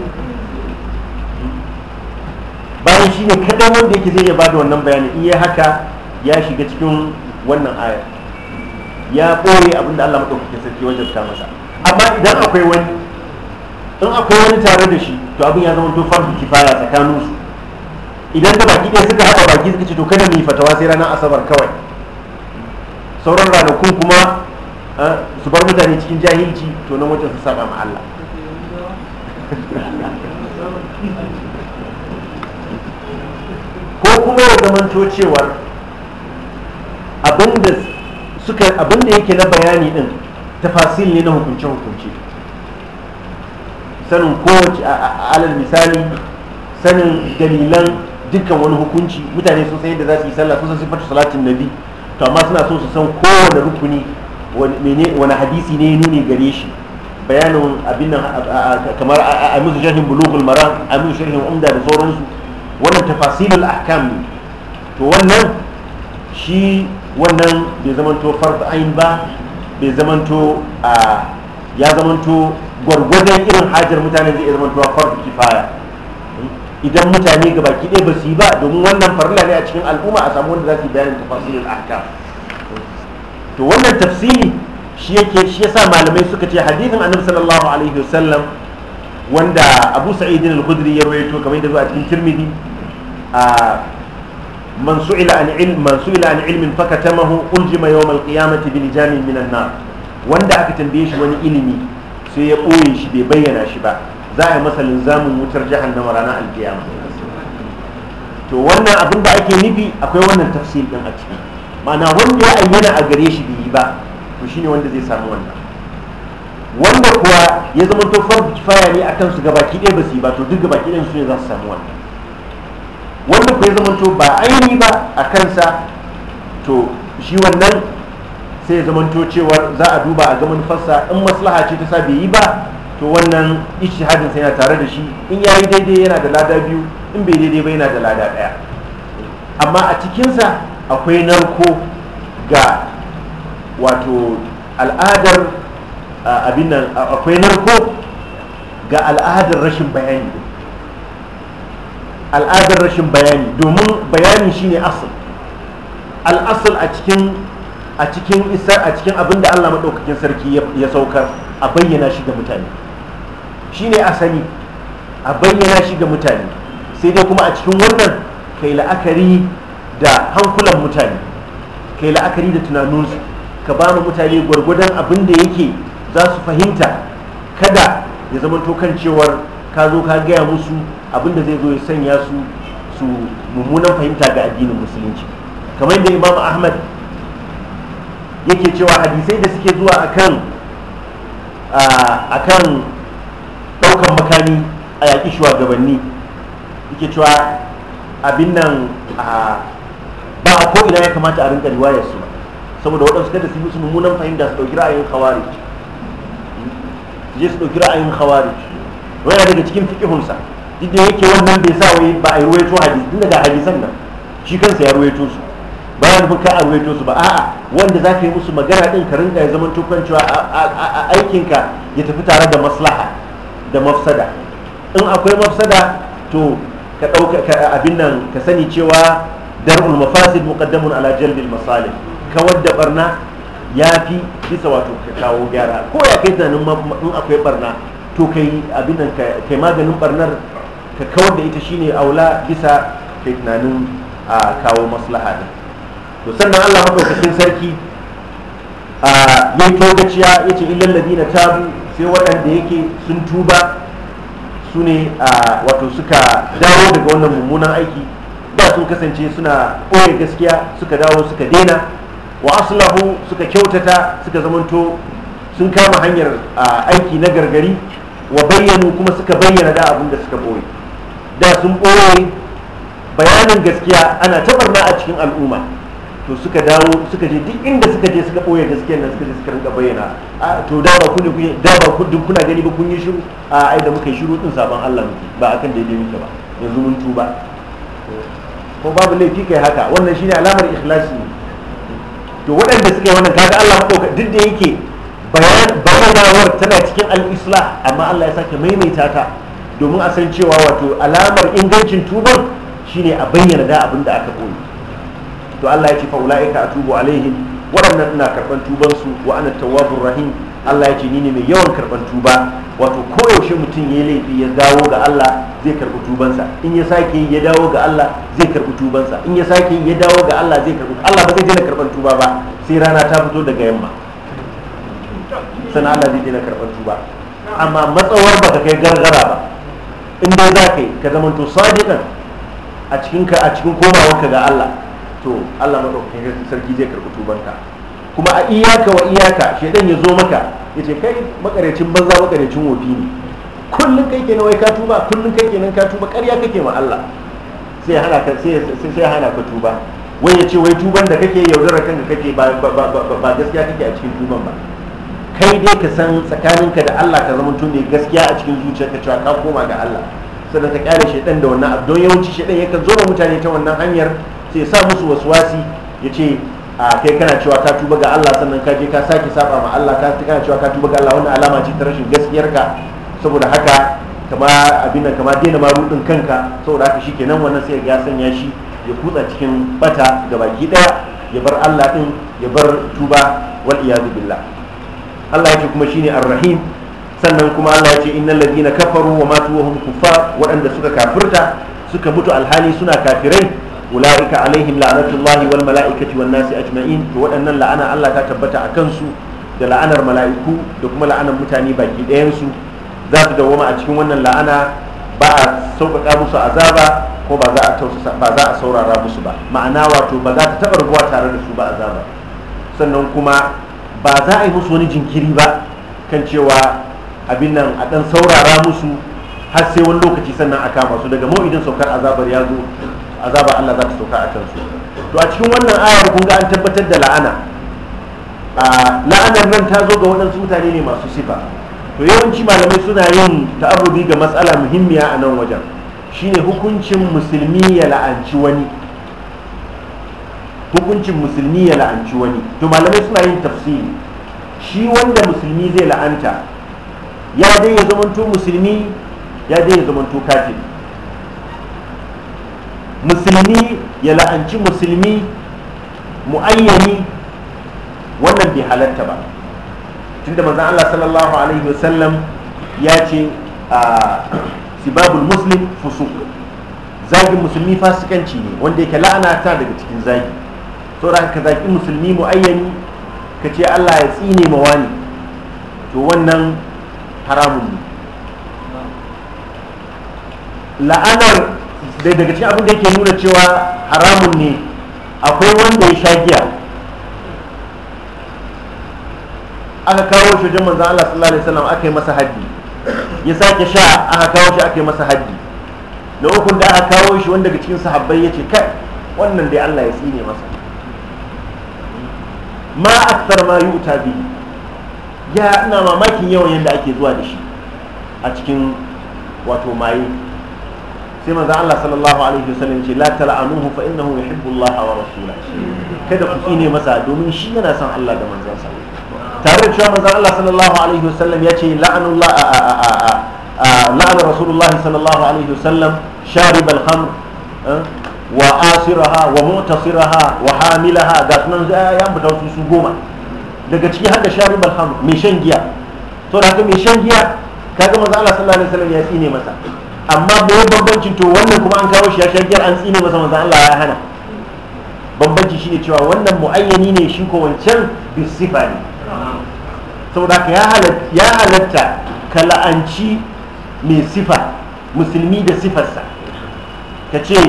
bayan shi ne kaɗan wanda yake zai iya ba da wannan bayani in ya haka ya shiga cikin wannan ayar ya ɓoye abin da Allah maɗaukakin sarki wajen ta masa amma idan akwai wani in akwai wani tare da shi to abin ya zama to fardu kifaya tsakanin su idan da baki ɗaya suka haɗa baki suka ce to kada mu yi fatawa sai ranar asabar kawai sauran ranakun kuma su bar mutane cikin jahilci to nan wajen su saba ma Allah ko kuma ya zamanto cewar abinda suka abinda yake na bayani din tafasil ne na hukunce hukunce sanin kowace alal misali sanin dalilan dukkan wani hukunci mutane sun san yadda za su yi sallah sun san sifatu salatin nabi to amma suna so su san kowane rukuni wani hadisi ne nuni gare shi bayanin abin nan kamar a musu sharhin bulughul maram a sharhin umda da sauransu wannan tafasilul ahkam ne to wannan shi wannan bai zamanto farz ayin ba bai zamanto a ya zamanto gwargwadon irin hajar mutane zai zamanto farz kifaya idan mutane ga baki ɗaya ba su yi ba domin wannan farla ne a cikin al'umma a samu wanda za su yi bayanin tafasirin ahkam to wannan tafsiri shi yake shi yasa malamai suka ce hadithin annabi sallallahu alaihi wasallam wanda abu Sa'id al-khudri ya rawaito kamar yadda zuwa cikin tirmidhi a man su'ila an ilm man su'ila an ilmin fakatamahu uljima yawm alqiyamati bi lijamin min an wanda aka tambaye shi wani ilimi sai ya boye shi bai bayyana shi ba za a yi masa linzamin wutar jahannama ranar alqiyama to wannan abin da ake nufi akwai wannan tafsir din a ciki ma'ana wanda ya ayyana a gare shi bai yi ba to shine wanda zai samu wannan wanda kuwa ya zama to farko ne akan su gabaki ɗaya ba su yi ba to duk gabaki ɗayan su ne za su samu wannan wanda ku ya zamanto ba aini ba a kansa to shi wannan sai zama zamanto cewa za a duba a ga manufarsa in maslaha ce ta sa bai yi ba to wannan hadin sai yana tare da shi in ya yi daidai yana da lada biyu in bai daidai ba yana da lada ɗaya amma a cikinsa akwai narko ga wato al'adar abin akwai narko ga al'adar rashin bayani al'adar rashin bayani domin bayani shine asal al'asal a cikin a isar a cikin abin da Allah maɗaukakin sarki ya saukar a bayyana shi ga mutane shine asali a bayyana shi ga mutane sai dai kuma a cikin wannan kai la'akari da hankulan mutane kai la'akari da tunaninsu ka ba mu mutane gwargwadon abin da yake za su fahimta kada ya zama kan cewar ka zo ka gaya musu abinda zai zo ya sanya su su mummunan fahimta ga addinin musulunci kamar yadda imam ahmad yake cewa hadisai da suke zuwa akan akan daukan makami a yaƙi shugabanni yake cewa abin nan ba a ko ina ya kamata a rinka riwayar su saboda waɗansu kada su yi musu mummunan fahimta su ɗauki ra'ayin khawarij su je su ɗauki ra'ayin khawarij wani daga cikin fikihunsa duk da yake wannan bai sa wai ba a ruwaito hadisi tun daga hadisan nan shi kansa ya ruwaito su ba ya nufin ka a ruwaito su ba a'a wanda zaka yi musu magana din ka rinka ya zama tukwan cewa aikinka ya tafi tare da maslaha da mafsada in akwai mafsada to ka ɗauka abin nan ka sani cewa dar'ul mafasid muqaddamun ala jalbil masalih kawar da barna ya fi bisa wato ka kawo gyara ko ya kai tunanin in akwai barna to kai abin nan kai maganin barnar ka kawar da ita shine aula bisa kai tunanin a kawo maslaha ne to sannan Allah madaukakin sarki a ya tokaciya yace illal ladina tabu sai waɗanda yake sun tuba su ne wato suka dawo daga wannan mummunan aiki ba sun kasance suna ɓoye gaskiya suka dawo suka daina wa aslahu suka kyautata suka zamanto sun kama hanyar aiki na gargari wa bayyanu kuma suka bayyana da abin da suka boye da sun boye bayanin gaskiya ana tabarna a cikin al'umma to suka dawo suka je duk inda suka je suka boye gaskiyar nan suka je suka rinka bayyana to da ba ku ku da ba duk kuna gani ba kun yi shiru a ai da muka yi shiru din sabon Allah muke ba akan daidai muke ba yanzu mun tuba ko babu laifi kai haka wannan shine alamar ikhlasi to waɗanda suka yi wannan kaga Allah ko duk da yake bayanawar tana cikin al'isla amma allah ya sake maimaita ta domin a san cewa wato alamar ingancin tuban shine a bayyana da abin da aka koyi to allah ya ce fa ula'ika a tubu alaihim waɗannan ina karɓar tubansu wa ana tawwabur rahim allah ya ce ni ne mai yawan karɓar tuba wato koyaushe mutum ya laifi ya dawo ga allah zai karɓi tubansa in ya sake ya dawo ga allah zai karɓi tubansa in ya sake ya dawo ga allah zai karɓi allah ba zai daina karɓar tuba ba sai rana ta fito daga yamma sana Allah zai daina karɓar tuba amma matsawar ba ka kai gargara ba in dai za ka yi ka zama to sadiqan a cikin ka a cikin ka ga Allah to Allah madaukakin sarki zai karɓi tubanka kuma a iyaka wa iyaka shedan ya zo maka ya ce kai makarecin banza makarecin wofi ne kullum kai kenan wai ka tuba kullum kai kenan ka tuba ƙarya kake ma Allah sai hana ka sai sai hana ka tuba wai ya ce wai tuban da kake yaudarar kanka kake ba ba gaskiya kake a cikin tuban ba kai dai ka san tsakaninka da Allah ka zama tuni gaskiya a cikin zuciyarka cewa ka koma ga Allah sannan ka kare shaidan da wannan abu yawanci shaidan yakan zo mutane ta wannan hanyar sai sa musu waswasi ya ce a kai kana cewa ka tuba ga Allah sannan ka je ka sake saba ma Allah ka kana cewa ka tuba ga Allah wannan alama ce ta rashin gaskiyarka saboda haka kama abin nan kama daina ma rudin kanka saboda haka shikenan wannan sai ya sanya shi ya kutsa cikin bata ga baki daya ya bar Allah din ya bar tuba wal iyadu billah Allah ya ce kuma shine ar-rahim sannan kuma Allah ya ce innal ladina kafaru wa matu wa hum kuffar waɗanda suka kafirta suka mutu alhali suna kafirai ulaika alaihim la'natullahi wal mala'ikati wan nasi ajma'in to waɗannan la'ana Allah ta tabbata akan su da la'anar mala'iku da kuma la'anar mutane baki ɗayan su za su dawoma a cikin wannan la'ana ba a sauƙaƙa musu azaba ko ba za a ba za a saurara musu ba ma'ana wato ba za ta taɓa rubuwa tare da su ba azaba sannan kuma ba za a yi musu wani jinkiri ba kan cewa abin nan a ɗan saurara musu har sai wani lokaci sannan a kama su daga mau'idin saukar azabar ya zo azabar Allah za ta sauka a kansu to a cikin wannan ayar kun ga an tabbatar da la'ana la'anar nan ta zo ga waɗansu mutane ne masu sifa to yawanci malamai suna yin ta'arubi ga matsala muhimmiya a nan wajen shine hukuncin musulmi ya la'anci wani hukuncin musulmi ya la'anci wani to malamai suna yin tafsiri shi wanda musulmi zai la'anta ya dai ya zamanto musulmi ya dai ya zamanto kafiri musulmi ya la'anci musulmi mu'ayyani wannan bai halatta ba tunda manzan Allah sallallahu alaihi wasallam ya ce a sibabul muslim fusuk zagin musulmi fasikanci ne wanda yake la'ana ta daga cikin zagi saboda ka zaki musulmi muayyani ka ce Allah ya tsine ma wani to wannan haramun ne la'anar da daga cikin abin da yake nuna cewa haramun ne akwai wanda ya sha giya aka kawo shi wajen manzan Allah sallallahu alaihi wasallam aka yi masa haddi ya sake sha aka kawo shi aka yi masa haddi na ukun da aka kawo shi wanda daga cikin sahabbai ya ce kai wannan dai Allah ya tsine masa ma aksar ma yi wuta biyu ya ina mamakin yawan yadda ake zuwa da shi a cikin wato maye sai manzo Allah sallallahu alaihi wasallam ce la tal'anuhu fa innahu yuhibbu Allah wa rasulahu kada ku ne masa domin shi yana son Allah da manzon sa tare da cewa maza Allah sallallahu alaihi wasallam ya ce la'anullah la'ana rasulullah sallallahu alaihi wasallam sharib al-khamr eh? wa asiraha wa mutasiraha wa hamilaha ga sunan eh, ya ambata wasu su goma daga ciki har da sharib alhamd mai shan giya to da haka mai shan giya ka ga manzo Allah sallallahu alaihi wasallam ya tsine masa amma bai bambancin to wannan kuma an kawo shi ya shan giyar an tsine masa manzo Allah ya hana bambanci shine cewa wannan muayyani ne shi ko wancan bisifa ne saboda haka ya halatta ya halatta ka la'anci mai sifa musulmi da sifarsa ka ce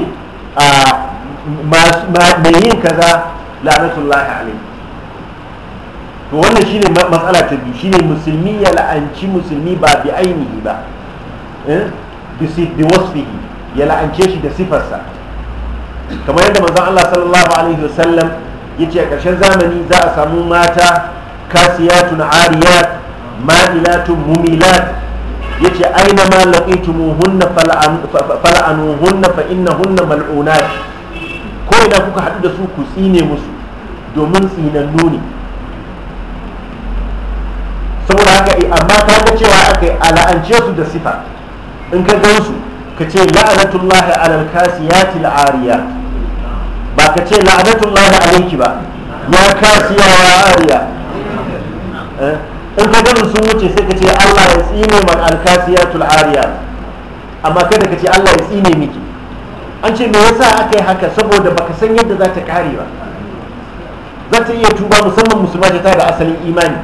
mai yin kaza la'anatullahi alaihi to wannan shine matsala ta biyu shine musulmi ya la'anci musulmi ba bi ainihi ba eh, bi wasfihi ya la'ance shi da sifarsa kamar yadda mazan Allah sallallahu alaihi wasallam yace a ƙarshen zamani za a samu mata kasiyatun ariyat ma'ilatun mumilat yace aina ma laqitumuhunna fal'anuhunna fa innahunna mal'unat ko idan kuka haɗu da su ku tsine musu domin tsinannu ne saboda haka eh, amma ta ga cewa aka yi ala'ance su da sifa in ka gan su ka ce la'anatullahi alal kasiyati al'ariya ba ka ce la'anatullahi alayki ba ya kasiyawa ariya eh? in ka ganin sun wuce sai ka ce Allah ya tsine man tul ariya amma kada ka ce Allah ya tsine miki an ce me yasa aka yi haka saboda baka san yadda za ta kare ba za ta iya tuba musamman musulma ta da asalin imani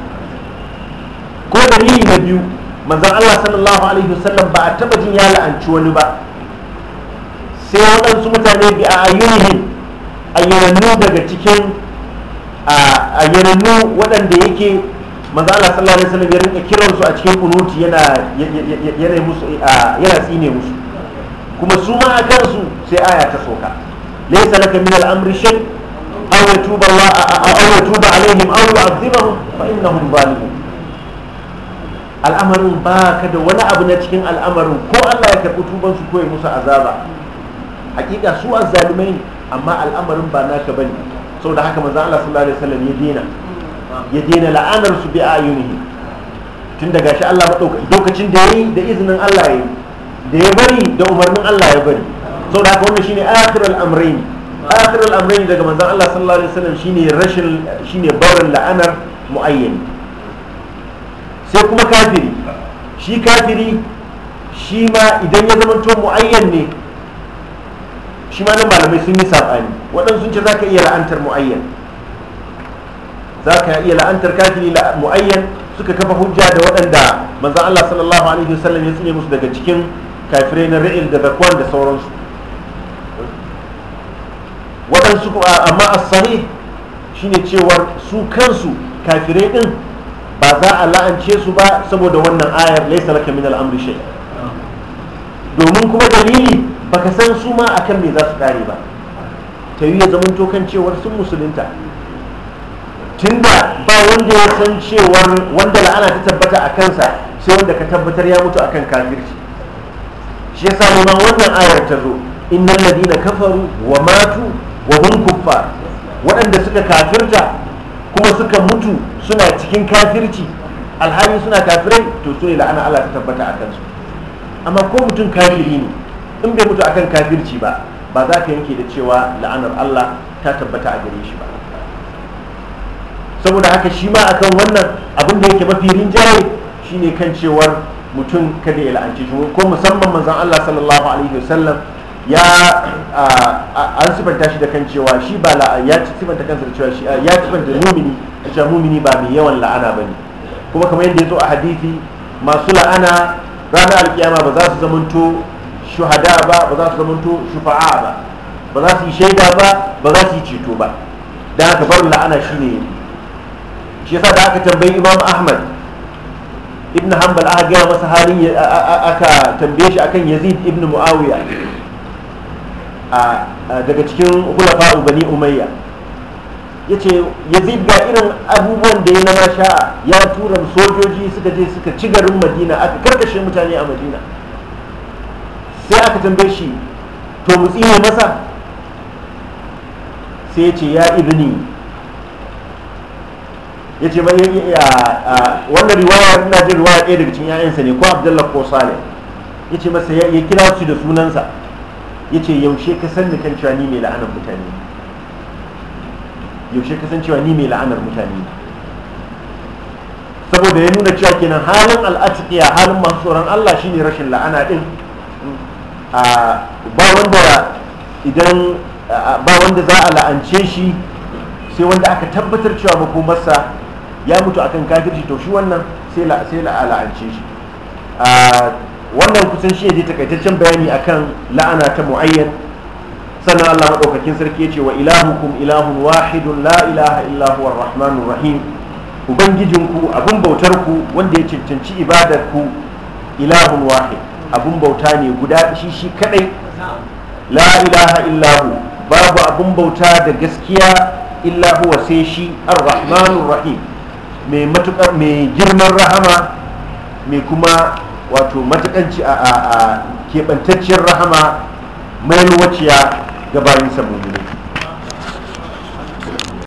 ko dalili na biyu manzon Allah sallallahu alaihi wasallam ba a taba jin ya la'anci wani ba sai waɗansu mutane bi a ayyuhim ayyanannu daga cikin ayyanannu waɗanda yake manzo Allah sallallahu alaihi wasallam ya rinka kiran su a cikin kunuti yana yana musu yana tsine musu kuma su ma kan su sai aya ta soka laysa laka min al-amri shay aw yatuba Allah aw yatuba alaihim aw yu'adhibahum fa innahum zalimun al'amarin ba ka da wani abu na cikin al'amarin ko Allah ya karɓi tubansu ko ya musu azaba hakika su azzalumai ne amma al'amarin ba naka bane saboda haka manzo Allah sallallahu alaihi wasallam ya dena ya daina la'anar su bi ayunihi tun daga shi Allah lokacin da yayi da izinin Allah yayi da ya bari da umarnin Allah ya bari saboda haka wannan shine akhirul amrayn akhirul amrayn daga manzon Allah sallallahu alaihi wasallam shine rashin shine barin la'anar muayyan sai kuma kafiri shi kafiri shi ma idan ya zamanto muayyan ne shi ma nan malamai sun yi sabani waɗansu ce za ka iya la'antar muayyan za ka iya la'antar kafiri la mu'ayyan suka kafa hujja da waɗanda manzon Allah sallallahu alaihi wasallam ya tsine musu daga cikin kafire na ra'il da zakwan da sauransu waɗansu amma as shine cewar su kansu kafire din ba za a la'ance su ba saboda wannan ayar laysa laka min al-amri shay domin kuma dalili baka san su ma akan me za su kare ba ta yi ya zamanto kan cewar sun musulunta tunda ba wanda ya san cewar wanda la'ana ta tabbata a kansa sai wanda ka tabbatar ya mutu akan kafirci shi yasa mu wannan ayar ta zo innal ladina kafaru wa matu wa hum kuffar waɗanda suka kafirta kuma suka mutu suna cikin kafirci alhali suna kafirai to ne la'ana Allah ta tabbata a kansu amma ko mutum kafiri ne in bai mutu akan kafirci ba ba za ka yanke da cewa la'anar Allah ta tabbata a gare shi ba saboda haka shi ma akan wannan abin da yake mafi rinjaye shine kan cewar mutum kada ya la'anci shi ko musamman manzon Allah sallallahu alaihi wasallam ya an sifanta shi da kan cewa shi ba la ya sifanta kansa da cewa shi ya sifanta mumini cewa mumini ba mai yawan la'ana bane kuma kamar yadda ya zo a hadisi masu la'ana ranar alkiyama ba za su zamanto shuhada ba ba za su zamanto shufa'a ba ba za su yi shaida ba ba za su yi ceto ba dan haka barin la'ana shine shi yasa da aka tambayi imam ahmad ibn hanbal aka gaya masa halin aka tambaye shi akan yazid ibn muawiya daga cikin hulafa bani umayya yace yazid ga irin abubuwan da ya na masha'a ya tura sojoji suka je suka ci garin madina aka karkashe mutane a madina sai aka tambaye shi to mu ne masa sai ya ce ya ibni ya ce wanda riwaya ina jin riwaya ɗaya daga cikin ya'yansa ne ko abdullahi ko sale ya ce masa ya kira su da sunansa ya ce yaushe ka san ni kan cewa ni mai la'anar mutane yaushe ka san cewa ni mai la'anar mutane saboda ya nuna cewa kenan halin al'atikiya halin masu tsoron allah shine rashin la'ana din ba wanda idan ba wanda za a la'ance shi sai wanda aka tabbatar cewa makomarsa ya mutu akan kafirci to shi wannan sai la sai la'ance shi wannan kusan shi yaje takaitaccen bayani akan la'ana ta muayyan sannan Allah madaukakin sarki yace wa ilahukum ilahun wahidun la ilaha illa huwa arrahmanur rahim ubangijinku abin bautar ku wanda ya cancanci ibadar ku ilahun wahid abin bauta ne guda shi shi kadai la ilaha illahu babu abun bauta da gaskiya illa huwa sai shi arrahmanur rahim mai matuƙar mai girman rahama mai kuma wato matuƙanci a keɓantacciyar rahama mai waciya ga bayan samuni